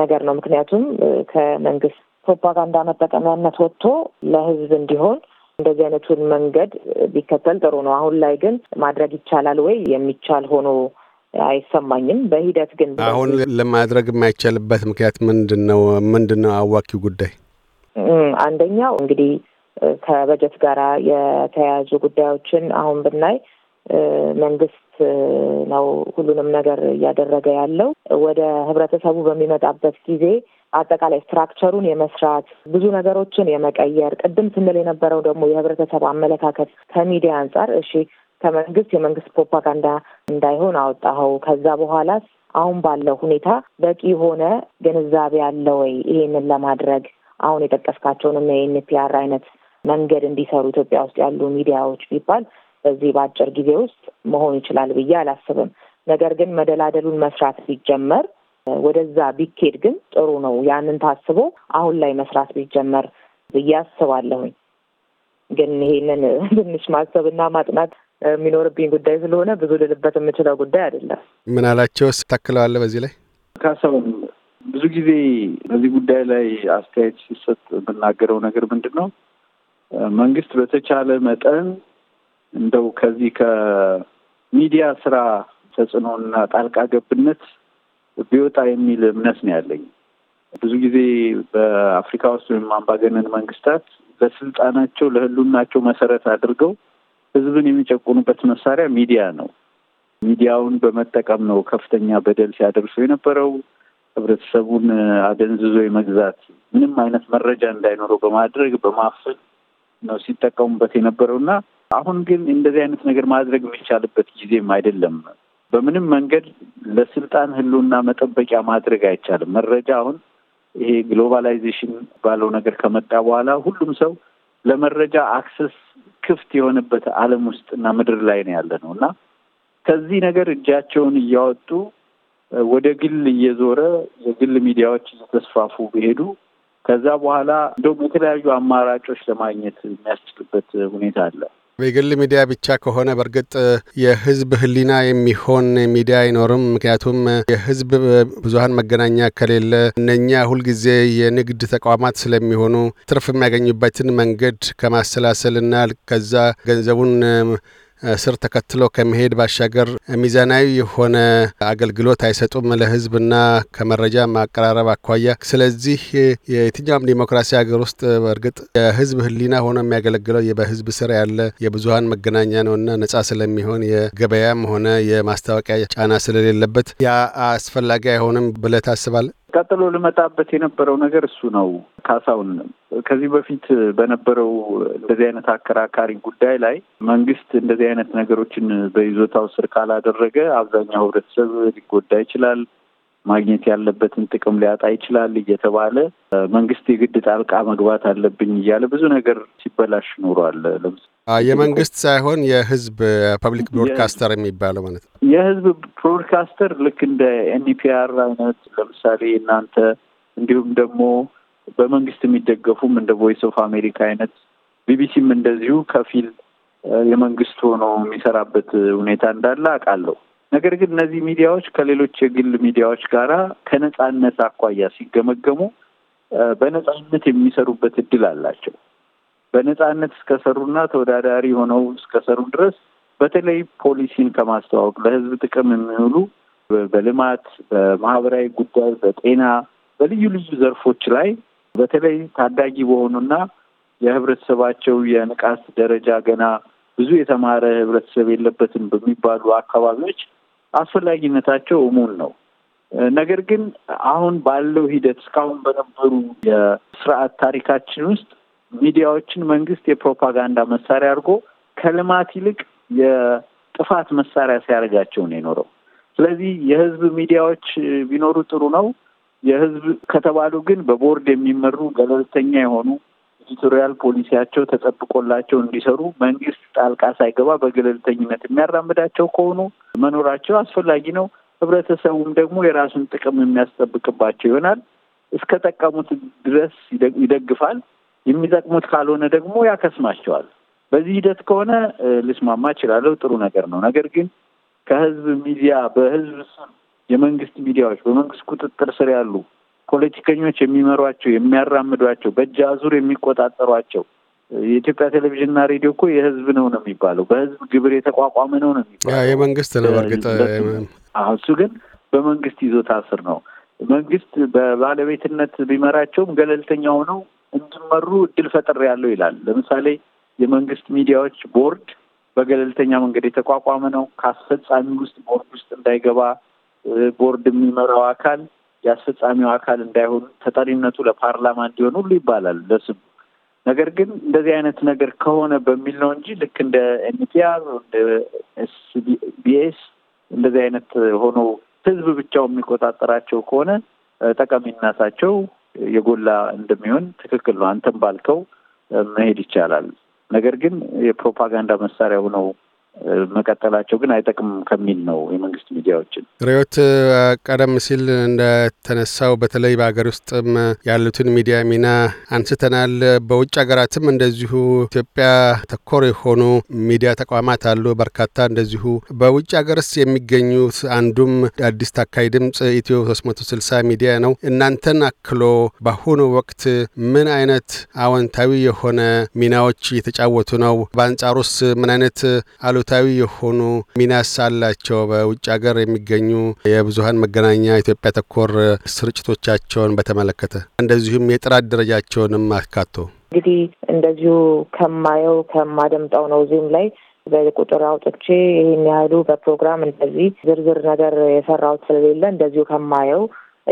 ነገር ነው። ምክንያቱም ከመንግስት ፕሮፓጋንዳ መጠቀሚያነት ወጥቶ ለህዝብ እንዲሆን እንደዚህ አይነቱን መንገድ ቢከተል ጥሩ ነው። አሁን ላይ ግን ማድረግ ይቻላል ወይ የሚቻል ሆኖ አይሰማኝም። በሂደት ግን አሁን ለማድረግ የማይቻልበት ምክንያት ምንድን ነው? ምንድን ነው አዋኪው ጉዳይ? አንደኛው እንግዲህ ከበጀት ጋር የተያያዙ ጉዳዮችን አሁን ብናይ መንግስት ነው ሁሉንም ነገር እያደረገ ያለው። ወደ ህብረተሰቡ በሚመጣበት ጊዜ አጠቃላይ ስትራክቸሩን የመስራት ብዙ ነገሮችን የመቀየር ቅድም ስንል የነበረው ደግሞ የህብረተሰብ አመለካከት ከሚዲያ አንጻር እሺ ከመንግስት የመንግስት ፕሮፓጋንዳ እንዳይሆን አወጣኸው። ከዛ በኋላ አሁን ባለው ሁኔታ በቂ የሆነ ግንዛቤ አለ ወይ ይሄንን ለማድረግ አሁን የጠቀስካቸውንም የኤንፒአር አይነት መንገድ እንዲሰሩ ኢትዮጵያ ውስጥ ያሉ ሚዲያዎች ቢባል በዚህ በአጭር ጊዜ ውስጥ መሆን ይችላል ብዬ አላስብም። ነገር ግን መደላደሉን መስራት ቢጀመር ወደዛ ቢኬድ ግን ጥሩ ነው። ያንን ታስቦ አሁን ላይ መስራት ቢጀመር ብዬ አስባለሁኝ። ግን ይሄንን ትንሽ ማሰብና ማጥናት የሚኖርብኝ ጉዳይ ስለሆነ ብዙ ልልበት የምችለው ጉዳይ አይደለም። ምን አላቸውስ ታክለዋለ በዚህ ላይ ካሳሁን ብዙ ጊዜ በዚህ ጉዳይ ላይ አስተያየት ሲሰጥ የምናገረው ነገር ምንድን ነው? መንግስት በተቻለ መጠን እንደው ከዚህ ከሚዲያ ስራ ተጽዕኖና ጣልቃ ገብነት ቢወጣ የሚል እምነት ነው ያለኝ። ብዙ ጊዜ በአፍሪካ ውስጥ ወይም አምባገነን መንግስታት ለስልጣናቸው ለህሉናቸው መሰረት አድርገው ህዝብን የሚጨቁኑበት መሳሪያ ሚዲያ ነው። ሚዲያውን በመጠቀም ነው ከፍተኛ በደል ሲያደርሱ የነበረው። ህብረተሰቡን አደንዝዞ የመግዛት ምንም አይነት መረጃ እንዳይኖረው በማድረግ በማፈን ነው ሲጠቀሙበት የነበረው እና አሁን ግን እንደዚህ አይነት ነገር ማድረግ የሚቻልበት ጊዜም አይደለም። በምንም መንገድ ለስልጣን ህልውና መጠበቂያ ማድረግ አይቻልም። መረጃ አሁን ይሄ ግሎባላይዜሽን ባለው ነገር ከመጣ በኋላ ሁሉም ሰው ለመረጃ አክሰስ ክፍት የሆነበት ዓለም ውስጥ እና ምድር ላይ ነው ያለ ነው እና ከዚህ ነገር እጃቸውን እያወጡ ወደ ግል እየዞረ የግል ሚዲያዎች እየተስፋፉ ቢሄዱ ከዛ በኋላ እንደውም የተለያዩ አማራጮች ለማግኘት የሚያስችልበት ሁኔታ አለ። በግል ሚዲያ ብቻ ከሆነ በእርግጥ የህዝብ ህሊና የሚሆን ሚዲያ አይኖርም። ምክንያቱም የህዝብ ብዙሀን መገናኛ ከሌለ እነኛ ሁልጊዜ የንግድ ተቋማት ስለሚሆኑ ትርፍ የሚያገኙበትን መንገድ ከማሰላሰልና ከዛ ገንዘቡን ስር ተከትሎ ከመሄድ ባሻገር ሚዛናዊ የሆነ አገልግሎት አይሰጡም ለህዝብና ከመረጃ ማቀራረብ አኳያ። ስለዚህ የትኛውም ዲሞክራሲ ሀገር ውስጥ በእርግጥ የህዝብ ህሊና ሆኖ የሚያገለግለው በህዝብ ስር ያለ የብዙሀን መገናኛ ነውና ነጻ ስለሚሆን የገበያም ሆነ የማስታወቂያ ጫና ስለሌለበት ያ አስፈላጊ አይሆንም ብለህ ታስባለህ? ቀጥሎ ልመጣበት የነበረው ነገር እሱ ነው። ካሳውን ከዚህ በፊት በነበረው እንደዚህ አይነት አከራካሪ ጉዳይ ላይ መንግስት እንደዚህ አይነት ነገሮችን በይዞታው ስር ካላደረገ አብዛኛው ህብረተሰብ ሊጎዳ ይችላል፣ ማግኘት ያለበትን ጥቅም ሊያጣ ይችላል እየተባለ መንግስት የግድ ጣልቃ መግባት አለብኝ እያለ ብዙ ነገር ሲበላሽ ኖሯል። የመንግስት ሳይሆን የህዝብ ፐብሊክ ብሮድካስተር የሚባለው ማለት ነው። የህዝብ ብሮድካስተር ልክ እንደ ኤንፒአር አይነት ለምሳሌ እናንተ እንዲሁም ደግሞ በመንግስት የሚደገፉም እንደ ቮይስ ኦፍ አሜሪካ አይነት ቢቢሲም እንደዚሁ ከፊል የመንግስት ሆኖ የሚሰራበት ሁኔታ እንዳለ አውቃለሁ። ነገር ግን እነዚህ ሚዲያዎች ከሌሎች የግል ሚዲያዎች ጋር ከነጻነት አኳያ ሲገመገሙ በነጻነት የሚሰሩበት እድል አላቸው። በነጻነት እስከሰሩና ተወዳዳሪ ሆነው እስከሰሩ ድረስ በተለይ ፖሊሲን ከማስተዋወቅ ለህዝብ ጥቅም የሚውሉ በልማት፣ በማህበራዊ ጉዳይ፣ በጤና፣ በልዩ ልዩ ዘርፎች ላይ በተለይ ታዳጊ በሆኑና የህብረተሰባቸው የንቃት ደረጃ ገና ብዙ የተማረ ህብረተሰብ የለበትም በሚባሉ አካባቢዎች አስፈላጊነታቸው እሙን ነው። ነገር ግን አሁን ባለው ሂደት እስካሁን በነበሩ የስርዓት ታሪካችን ውስጥ ሚዲያዎችን መንግስት የፕሮፓጋንዳ መሳሪያ አድርጎ ከልማት ይልቅ የጥፋት መሳሪያ ሲያደርጋቸው ነው የኖረው። ስለዚህ የህዝብ ሚዲያዎች ቢኖሩ ጥሩ ነው። የህዝብ ከተባሉ ግን በቦርድ የሚመሩ ገለልተኛ የሆኑ ኤዲቶሪያል ፖሊሲያቸው ተጠብቆላቸው እንዲሰሩ መንግስት ጣልቃ ሳይገባ በገለልተኝነት የሚያራምዳቸው ከሆኑ መኖራቸው አስፈላጊ ነው። ህብረተሰቡም ደግሞ የራሱን ጥቅም የሚያስጠብቅባቸው ይሆናል። እስከ ጠቀሙት ድረስ ይደግፋል። የሚጠቅሙት ካልሆነ ደግሞ ያከስማቸዋል። በዚህ ሂደት ከሆነ ልስማማ እችላለሁ። ጥሩ ነገር ነው። ነገር ግን ከህዝብ ሚዲያ በህዝብ ስም የመንግስት ሚዲያዎች በመንግስት ቁጥጥር ስር ያሉ ፖለቲከኞች የሚመሯቸው የሚያራምዷቸው፣ በእጅ አዙር የሚቆጣጠሯቸው የኢትዮጵያ ቴሌቪዥንና ሬዲዮ እኮ የህዝብ ነው ነው የሚባለው። በህዝብ ግብር የተቋቋመ ነው ነው የሚባለው። የመንግስት ነው። በእርግጥ እሱ ግን በመንግስት ይዞታ ስር ነው። መንግስት በባለቤትነት ቢመራቸውም ገለልተኛ ሆነው እንዲመሩ እድል ያለው ይላል። ለምሳሌ የመንግስት ሚዲያዎች ቦርድ በገለልተኛ መንገድ የተቋቋመ ነው። ከአስፈጻሚ ውስጥ ቦርድ ውስጥ እንዳይገባ ቦርድ የሚመራው አካል የአስፈጻሚው አካል እንዳይሆኑ ተጠሪነቱ ለፓርላማ እንዲሆን ሁሉ ይባላል ለስሙ። ነገር ግን እንደዚህ አይነት ነገር ከሆነ በሚል ነው እንጂ ልክ እንደ ኤንፒአር እንደ ኤስቢኤስ እንደዚህ አይነት ሆኖ ህዝብ ብቻው የሚቆጣጠራቸው ከሆነ ጠቀሚነታቸው የጎላ እንደሚሆን ትክክል ነው። አንተም ባልከው መሄድ ይቻላል። ነገር ግን የፕሮፓጋንዳ መሳሪያ ሆነው መቀጠላቸው ግን አይጠቅምም ከሚል ነው የመንግስት ሚዲያዎችን። ሪዮት ቀደም ሲል እንደተነሳው በተለይ በሀገር ውስጥም ያሉትን ሚዲያ ሚና አንስተናል። በውጭ ሀገራትም እንደዚሁ ኢትዮጵያ ተኮር የሆኑ ሚዲያ ተቋማት አሉ በርካታ እንደዚሁ። በውጭ ሀገርስ የሚገኙት አንዱም አዲስ ታካይ ድምጽ ኢትዮ 360 ሚዲያ ነው። እናንተን አክሎ በአሁኑ ወቅት ምን አይነት አዎንታዊ የሆነ ሚናዎች እየተጫወቱ ነው? በአንጻሩስ ምን አይነት አሉ አሉታዊ የሆኑ ሚናስ አላቸው? በውጭ ሀገር የሚገኙ የብዙሀን መገናኛ ኢትዮጵያ ተኮር ስርጭቶቻቸውን በተመለከተ እንደዚሁም የጥራት ደረጃቸውንም አካቶ እንግዲህ እንደዚሁ ከማየው ከማደምጠው ነው እዚህም ላይ በቁጥር አውጥቼ ይህን ያህሉ በፕሮግራም እንደዚህ ዝርዝር ነገር የሰራሁት ስለሌለ እንደዚሁ ከማየው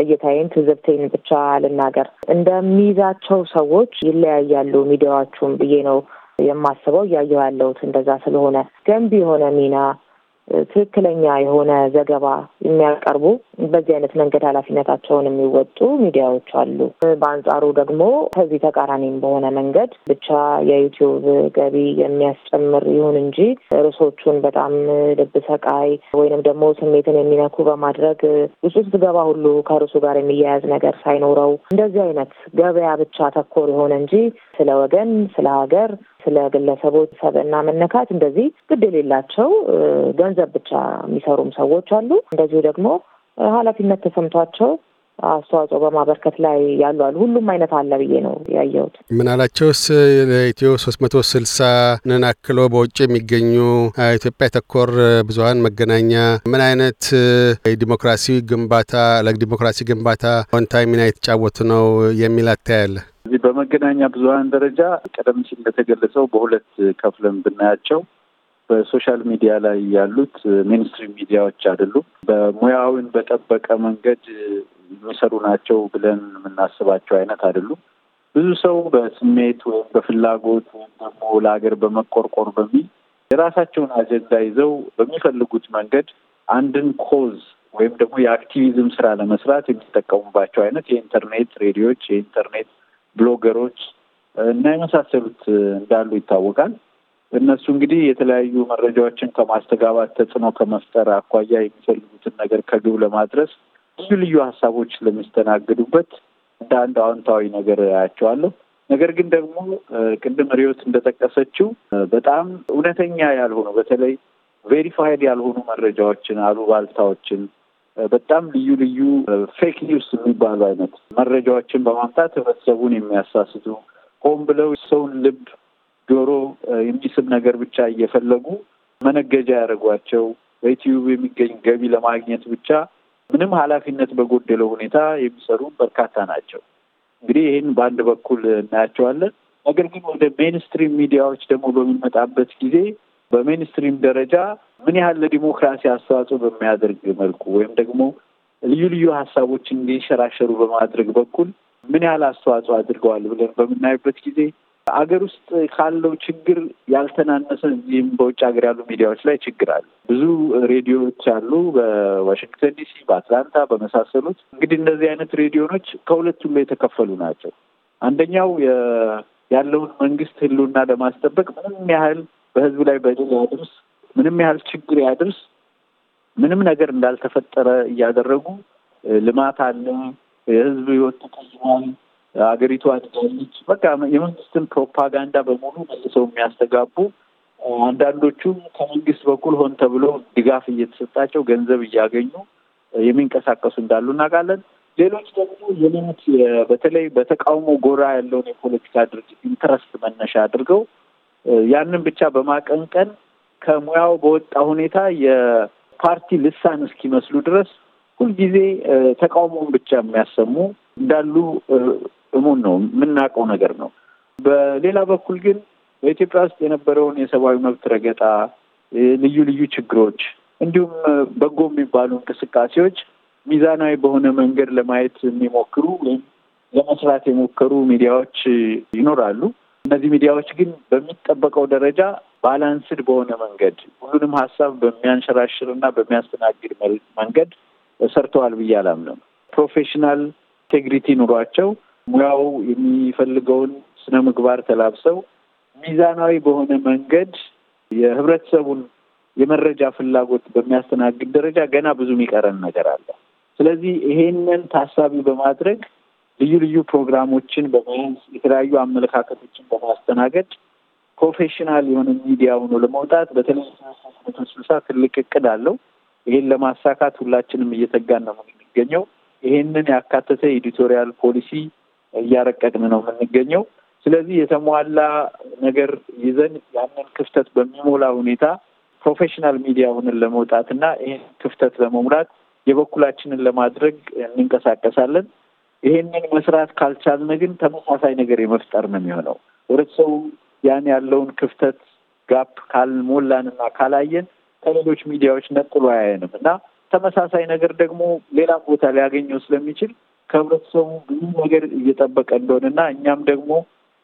እይታዬን ትዝብቴን ብቻ ልናገር። እንደሚይዛቸው ሰዎች ይለያያሉ ሚዲያዎቹም ብዬ ነው የማስበው እያየው ያለሁት እንደዛ ስለሆነ ገንቢ የሆነ ሚና ትክክለኛ የሆነ ዘገባ የሚያቀርቡ በዚህ አይነት መንገድ ኃላፊነታቸውን የሚወጡ ሚዲያዎች አሉ። በአንጻሩ ደግሞ ከዚህ ተቃራኒም በሆነ መንገድ ብቻ የዩቲዩብ ገቢ የሚያስጨምር ይሁን እንጂ ርዕሶቹን በጣም ልብ ሰቃይ ወይንም ደግሞ ስሜትን የሚነኩ በማድረግ ውስጥ ስትገባ ሁሉ ከርዕሱ ጋር የሚያያዝ ነገር ሳይኖረው እንደዚህ አይነት ገበያ ብቻ ተኮር የሆነ እንጂ ስለ ወገን፣ ስለ ሀገር፣ ስለ ግለሰቦች ሰብዕና መነካት እንደዚህ ግድ የሌላቸው ገንዘብ ብቻ የሚሰሩም ሰዎች አሉ። እንደዚሁ ደግሞ ኃላፊነት ተሰምቷቸው አስተዋጽኦ በማበርከት ላይ ያሉ አሉ። ሁሉም አይነት አለ ብዬ ነው ያየሁት። ምናላቸውስ ለኢትዮ ሶስት መቶ ስልሳ ንን አክሎ በውጭ የሚገኙ ኢትዮጵያ ተኮር ብዙሀን መገናኛ ምን አይነት ዲሞክራሲ ግንባታ ለዲሞክራሲ ግንባታ አዎንታዊ ሚና የተጫወቱ ነው የሚል አታያለ? እዚህ በመገናኛ ብዙሀን ደረጃ ቀደም ሲል እንደተገለጸው በሁለት ከፍለን ብናያቸው በሶሻል ሚዲያ ላይ ያሉት ሜንስትሪም ሚዲያዎች አይደሉም። በሙያውን በጠበቀ መንገድ የሚሰሩ ናቸው ብለን የምናስባቸው አይነት አይደሉም። ብዙ ሰው በስሜት ወይም በፍላጎት ወይም ደግሞ ለሀገር በመቆርቆር በሚል የራሳቸውን አጀንዳ ይዘው በሚፈልጉት መንገድ አንድን ኮዝ ወይም ደግሞ የአክቲቪዝም ስራ ለመስራት የሚጠቀሙባቸው አይነት የኢንተርኔት ሬዲዮዎች የኢንተርኔት ብሎገሮች እና የመሳሰሉት እንዳሉ ይታወቃል። እነሱ እንግዲህ የተለያዩ መረጃዎችን ከማስተጋባት ተጽዕኖ ከመፍጠር አኳያ የሚፈልጉትን ነገር ከግብ ለማድረስ ልዩ ልዩ ሀሳቦች ለሚስተናግዱበት እንደ አንድ አዎንታዊ ነገር አያቸዋለሁ። ነገር ግን ደግሞ ቅድም ሪዮት እንደጠቀሰችው በጣም እውነተኛ ያልሆኑ በተለይ ቬሪፋይድ ያልሆኑ መረጃዎችን፣ አሉባልታዎችን፣ በጣም ልዩ ልዩ ፌክ ኒውስ የሚባሉ አይነት መረጃዎችን በማምጣት ህብረተሰቡን የሚያሳስቱ ሆን ብለው ሰውን ልብ ጆሮ የሚስብ ነገር ብቻ እየፈለጉ መነገጃ ያደረጓቸው በዩቲዩብ የሚገኝ ገቢ ለማግኘት ብቻ ምንም ኃላፊነት በጎደለው ሁኔታ የሚሰሩ በርካታ ናቸው። እንግዲህ ይህን በአንድ በኩል እናያቸዋለን። ነገር ግን ወደ ሜንስትሪም ሚዲያዎች ደግሞ በሚመጣበት ጊዜ በሜንስትሪም ደረጃ ምን ያህል ለዲሞክራሲ አስተዋጽኦ በሚያደርግ መልኩ ወይም ደግሞ ልዩ ልዩ ሀሳቦች እንዲሸራሸሩ በማድረግ በኩል ምን ያህል አስተዋጽኦ አድርገዋል ብለን በምናይበት ጊዜ አገር ውስጥ ካለው ችግር ያልተናነሰ እዚህም በውጭ ሀገር ያሉ ሚዲያዎች ላይ ችግር አለ። ብዙ ሬዲዮዎች አሉ፣ በዋሽንግተን ዲሲ፣ በአትላንታ በመሳሰሉት። እንግዲህ እነዚህ አይነት ሬዲዮኖች ከሁለቱም ላይ የተከፈሉ ናቸው። አንደኛው ያለውን መንግስት ህልውና ለማስጠበቅ ምንም ያህል በህዝብ ላይ በደል ያድርስ፣ ምንም ያህል ችግር ያድርስ፣ ምንም ነገር እንዳልተፈጠረ እያደረጉ ልማት አለ፣ የህዝብ ህይወት ተቀዝሟል አገሪቷን ያሉት በቃ የመንግስትን ፕሮፓጋንዳ በሙሉ መልሰው የሚያስተጋቡ አንዳንዶቹም ከመንግስት በኩል ሆን ተብሎ ድጋፍ እየተሰጣቸው ገንዘብ እያገኙ የሚንቀሳቀሱ እንዳሉ እናውቃለን። ሌሎች ደግሞ የሌሎች በተለይ በተቃውሞ ጎራ ያለውን የፖለቲካ ድርጅት ኢንትረስት መነሻ አድርገው ያንን ብቻ በማቀንቀን ከሙያው በወጣ ሁኔታ የፓርቲ ልሳን እስኪመስሉ ድረስ ሁልጊዜ ተቃውሞን ብቻ የሚያሰሙ እንዳሉ እሙን ነው፣ የምናውቀው ነገር ነው። በሌላ በኩል ግን በኢትዮጵያ ውስጥ የነበረውን የሰብአዊ መብት ረገጣ፣ ልዩ ልዩ ችግሮች፣ እንዲሁም በጎ የሚባሉ እንቅስቃሴዎች ሚዛናዊ በሆነ መንገድ ለማየት የሚሞክሩ ወይም ለመስራት የሞከሩ ሚዲያዎች ይኖራሉ። እነዚህ ሚዲያዎች ግን በሚጠበቀው ደረጃ ባላንስድ በሆነ መንገድ ሁሉንም ሀሳብ በሚያንሸራሽር እና በሚያስተናግድ መንገድ ሰርተዋል ብዬ አላምንም። ፕሮፌሽናል ኢንቴግሪቲ ኑሯቸው ሙያው የሚፈልገውን ስነ ምግባር ተላብሰው ሚዛናዊ በሆነ መንገድ የህብረተሰቡን የመረጃ ፍላጎት በሚያስተናግድ ደረጃ ገና ብዙ የሚቀረን ነገር አለ። ስለዚህ ይሄንን ታሳቢ በማድረግ ልዩ ልዩ ፕሮግራሞችን በመያዝ የተለያዩ አመለካከቶችን በማስተናገድ ፕሮፌሽናል የሆነ ሚዲያ ሆኖ ለመውጣት በተለይ ትልቅ እቅድ አለው። ይሄን ለማሳካት ሁላችንም እየተጋን ነው የሚገኘው። ይሄንን ያካተተ ኤዲቶሪያል ፖሊሲ እያረቀቅን ነው የምንገኘው። ስለዚህ የተሟላ ነገር ይዘን ያንን ክፍተት በሚሞላ ሁኔታ ፕሮፌሽናል ሚዲያ ሆነን ለመውጣት እና ይህን ክፍተት ለመሙላት የበኩላችንን ለማድረግ እንንቀሳቀሳለን። ይሄንን መስራት ካልቻልን ግን ተመሳሳይ ነገር የመፍጠር ነው የሚሆነው። ህብረተሰቡ ያን ያለውን ክፍተት ጋፕ ካልሞላንና ካላየን ከሌሎች ሚዲያዎች ነጥሎ አያየንም እና ተመሳሳይ ነገር ደግሞ ሌላም ቦታ ሊያገኘው ስለሚችል ከህብረተሰቡ ብዙ ነገር እየጠበቀ እንደሆነና እኛም ደግሞ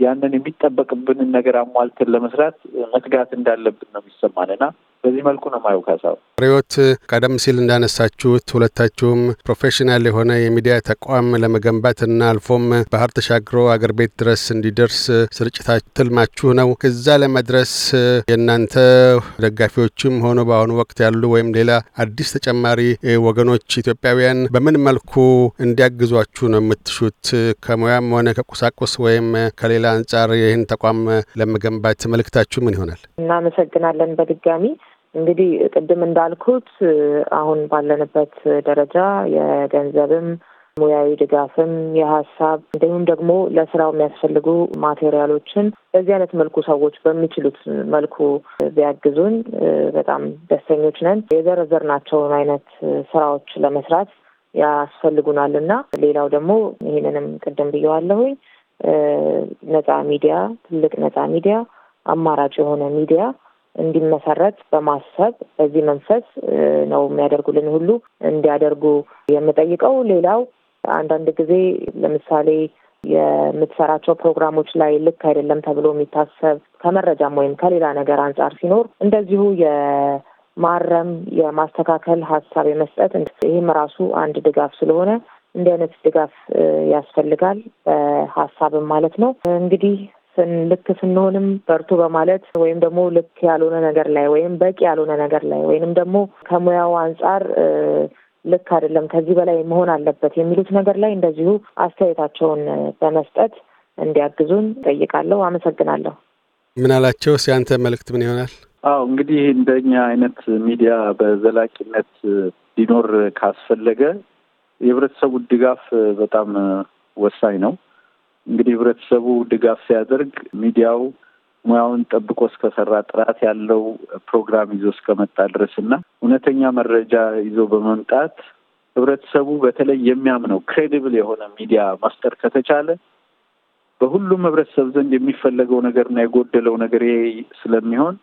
ያንን የሚጠበቅብንን ነገር አሟልተን ለመስራት መትጋት እንዳለብን ነው የሚሰማንና በዚህ መልኩ ነው ማየው። ካሳው ሪዮት፣ ቀደም ሲል እንዳነሳችሁት ሁለታችሁም ፕሮፌሽናል የሆነ የሚዲያ ተቋም ለመገንባት እና አልፎም ባህር ተሻግሮ አገር ቤት ድረስ እንዲደርስ ስርጭታ ትልማችሁ ነው። እዛ ለመድረስ የእናንተ ደጋፊዎችም ሆኖ በአሁኑ ወቅት ያሉ ወይም ሌላ አዲስ ተጨማሪ ወገኖች ኢትዮጵያውያን በምን መልኩ እንዲያግዟችሁ ነው የምትሹት? ከሙያም ሆነ ከቁሳቁስ ወይም ከሌላ አንጻር ይህን ተቋም ለመገንባት መልእክታችሁ ምን ይሆናል? እናመሰግናለን በድጋሚ እንግዲህ ቅድም እንዳልኩት አሁን ባለንበት ደረጃ የገንዘብም ሙያዊ ድጋፍም የሀሳብ እንዲሁም ደግሞ ለስራው የሚያስፈልጉ ማቴሪያሎችን በዚህ አይነት መልኩ ሰዎች በሚችሉት መልኩ ቢያግዙን በጣም ደስተኞች ነን። የዘረዘርናቸውን አይነት ስራዎች ለመስራት ያስፈልጉናል እና ሌላው ደግሞ ይህንንም ቅድም ብየዋለሁኝ፣ ነፃ ሚዲያ ትልቅ ነፃ ሚዲያ አማራጭ የሆነ ሚዲያ እንዲመሰረት በማሰብ በዚህ መንፈስ ነው የሚያደርጉልን ሁሉ እንዲያደርጉ የምጠይቀው። ሌላው አንዳንድ ጊዜ ለምሳሌ የምትሰራቸው ፕሮግራሞች ላይ ልክ አይደለም ተብሎ የሚታሰብ ከመረጃም ወይም ከሌላ ነገር አንጻር ሲኖር እንደዚሁ የማረም የማስተካከል ሀሳብ የመስጠት ይህም ራሱ አንድ ድጋፍ ስለሆነ እንዲህ አይነት ድጋፍ ያስፈልጋል፣ በሀሳብም ማለት ነው። እንግዲህ ልክ ስንሆንም በርቱ በማለት ወይም ደግሞ ልክ ያልሆነ ነገር ላይ ወይም በቂ ያልሆነ ነገር ላይ ወይንም ደግሞ ከሙያው አንጻር ልክ አይደለም ከዚህ በላይ መሆን አለበት የሚሉት ነገር ላይ እንደዚሁ አስተያየታቸውን በመስጠት እንዲያግዙን ጠይቃለሁ። አመሰግናለሁ። ምን አላቸው? ሲያንተ መልእክት ምን ይሆናል? አዎ እንግዲህ እንደኛ አይነት ሚዲያ በዘላቂነት ሊኖር ካስፈለገ የህብረተሰቡ ድጋፍ በጣም ወሳኝ ነው። እንግዲህ ህብረተሰቡ ድጋፍ ሲያደርግ ሚዲያው ሙያውን ጠብቆ እስከሰራ ጥራት ያለው ፕሮግራም ይዞ እስከመጣ ድረስ እና እውነተኛ መረጃ ይዞ በመምጣት ህብረተሰቡ በተለይ የሚያምነው ክሬዲብል የሆነ ሚዲያ መፍጠር ከተቻለ በሁሉም ህብረተሰብ ዘንድ የሚፈለገው ነገርና የጎደለው ነገር ይሄ ስለሚሆን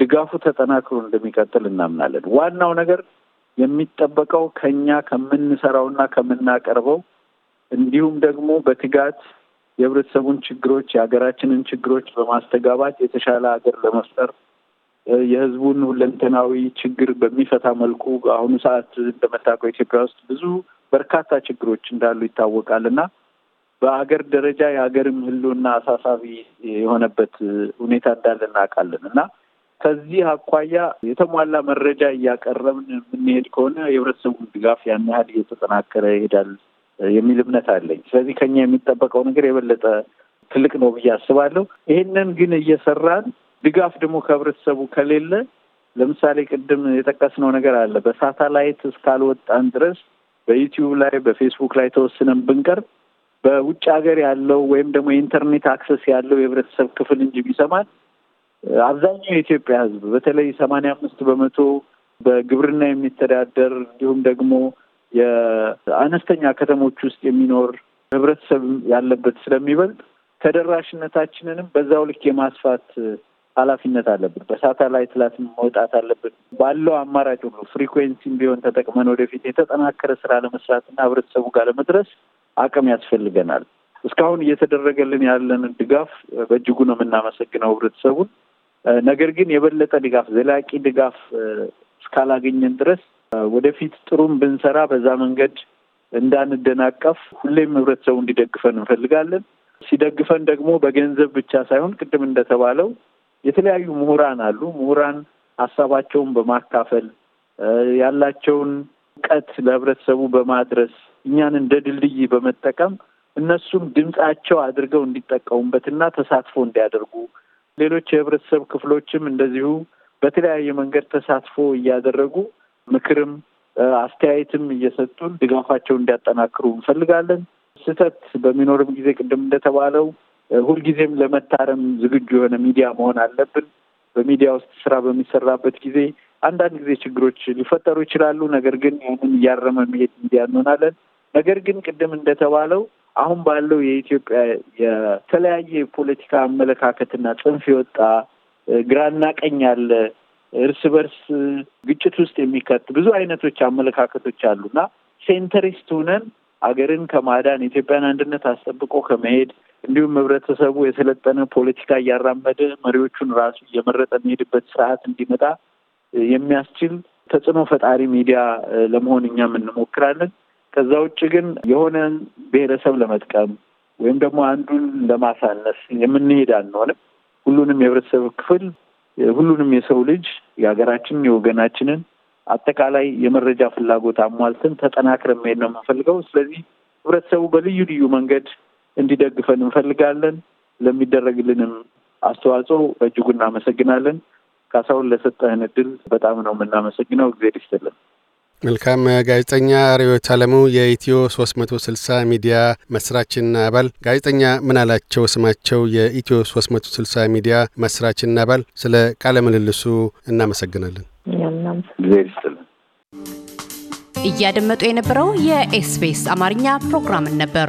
ድጋፉ ተጠናክሮ እንደሚቀጥል እናምናለን። ዋናው ነገር የሚጠበቀው ከኛ ከምንሰራውና ከምናቀርበው እንዲሁም ደግሞ በትጋት የህብረተሰቡን ችግሮች የሀገራችንን ችግሮች በማስተጋባት የተሻለ ሀገር ለመፍጠር የህዝቡን ሁለንተናዊ ችግር በሚፈታ መልኩ በአሁኑ ሰዓት እንደምታውቀው ኢትዮጵያ ውስጥ ብዙ በርካታ ችግሮች እንዳሉ ይታወቃል እና በሀገር ደረጃ የሀገርም ህልውና አሳሳቢ የሆነበት ሁኔታ እንዳለ እናውቃለን እና ከዚህ አኳያ የተሟላ መረጃ እያቀረብን የምንሄድ ከሆነ የህብረተሰቡን ድጋፍ ያን ያህል እየተጠናከረ ይሄዳል የሚል እምነት አለኝ። ስለዚህ ከኛ የሚጠበቀው ነገር የበለጠ ትልቅ ነው ብዬ አስባለሁ። ይህንን ግን እየሰራን ድጋፍ ደግሞ ከህብረተሰቡ ከሌለ ለምሳሌ ቅድም የጠቀስነው ነገር አለ። በሳተላይት እስካልወጣን ድረስ በዩቲዩብ ላይ በፌስቡክ ላይ ተወስነን ብንቀርብ በውጭ ሀገር ያለው ወይም ደግሞ የኢንተርኔት አክሰስ ያለው የህብረተሰብ ክፍል እንጂ ቢሰማል አብዛኛው የኢትዮጵያ ህዝብ በተለይ ሰማንያ አምስት በመቶ በግብርና የሚተዳደር እንዲሁም ደግሞ የአነስተኛ ከተሞች ውስጥ የሚኖር ህብረተሰብ ያለበት ስለሚበልጥ ተደራሽነታችንንም በዛው ልክ የማስፋት ኃላፊነት አለብን። በሳተላይት ላት መውጣት አለብን። ባለው አማራጭ ሁሉ ፍሪኩዌንሲም ቢሆን ተጠቅመን ወደፊት የተጠናከረ ስራ ለመስራትና ህብረተሰቡ ጋር ለመድረስ አቅም ያስፈልገናል። እስካሁን እየተደረገልን ያለንን ድጋፍ በእጅጉ ነው የምናመሰግነው ህብረተሰቡን። ነገር ግን የበለጠ ድጋፍ ዘላቂ ድጋፍ እስካላገኘን ድረስ ወደፊት ጥሩም ብንሰራ በዛ መንገድ እንዳንደናቀፍ ሁሌም ህብረተሰቡ እንዲደግፈን እንፈልጋለን። ሲደግፈን ደግሞ በገንዘብ ብቻ ሳይሆን ቅድም እንደተባለው የተለያዩ ምሁራን አሉ። ምሁራን ሀሳባቸውን በማካፈል ያላቸውን እውቀት ለህብረተሰቡ በማድረስ እኛን እንደ ድልድይ በመጠቀም እነሱም ድምጻቸው አድርገው እንዲጠቀሙበትና ተሳትፎ እንዲያደርጉ ሌሎች የህብረተሰብ ክፍሎችም እንደዚሁ በተለያየ መንገድ ተሳትፎ እያደረጉ ምክርም አስተያየትም እየሰጡን ድጋፋቸውን እንዲያጠናክሩ እንፈልጋለን። ስህተት በሚኖርም ጊዜ ቅድም እንደተባለው ሁልጊዜም ለመታረም ዝግጁ የሆነ ሚዲያ መሆን አለብን። በሚዲያ ውስጥ ስራ በሚሰራበት ጊዜ አንዳንድ ጊዜ ችግሮች ሊፈጠሩ ይችላሉ። ነገር ግን ይህንን እያረመ መሄድ ሚዲያ እንሆናለን። ነገር ግን ቅድም እንደተባለው አሁን ባለው የኢትዮጵያ የተለያየ የፖለቲካ አመለካከትና ጽንፍ የወጣ ግራና ቀኝ ያለ እርስ በርስ ግጭት ውስጥ የሚከት ብዙ አይነቶች አመለካከቶች አሉና ሴንተሪስት ሆነን አገርን ከማዳን ኢትዮጵያን አንድነት አስጠብቆ ከመሄድ እንዲሁም ህብረተሰቡ የሰለጠነ ፖለቲካ እያራመደ መሪዎቹን ራሱ እየመረጠ የሚሄድበት ስርዓት እንዲመጣ የሚያስችል ተጽዕኖ ፈጣሪ ሚዲያ ለመሆን እኛም እንሞክራለን። ከዛ ውጭ ግን የሆነ ብሔረሰብ ለመጥቀም ወይም ደግሞ አንዱን ለማሳነስ የምንሄድ አንሆንም። ሁሉንም የህብረተሰብ ክፍል ሁሉንም የሰው ልጅ የሀገራችንን የወገናችንን አጠቃላይ የመረጃ ፍላጎት አሟልትን ተጠናክረን መሄድ ነው የምንፈልገው። ስለዚህ ህብረተሰቡ በልዩ ልዩ መንገድ እንዲደግፈን እንፈልጋለን። ለሚደረግልንም አስተዋጽኦ በእጅጉ እናመሰግናለን። ካሳሁን፣ ለሰጠህን እድል በጣም ነው የምናመሰግነው። እግዜር ይስጥልን። መልካም ጋዜጠኛ ርዕዮት አለሙ የኢትዮ 360 ሚዲያ መስራችና አባል። ጋዜጠኛ ምን አላቸው ስማቸው የኢትዮ 360 ሚዲያ መስራችና አባል፣ ስለ ቃለ ምልልሱ እናመሰግናለን። እያደመጡ የነበረው የኤስፔስ አማርኛ ፕሮግራምን ነበር።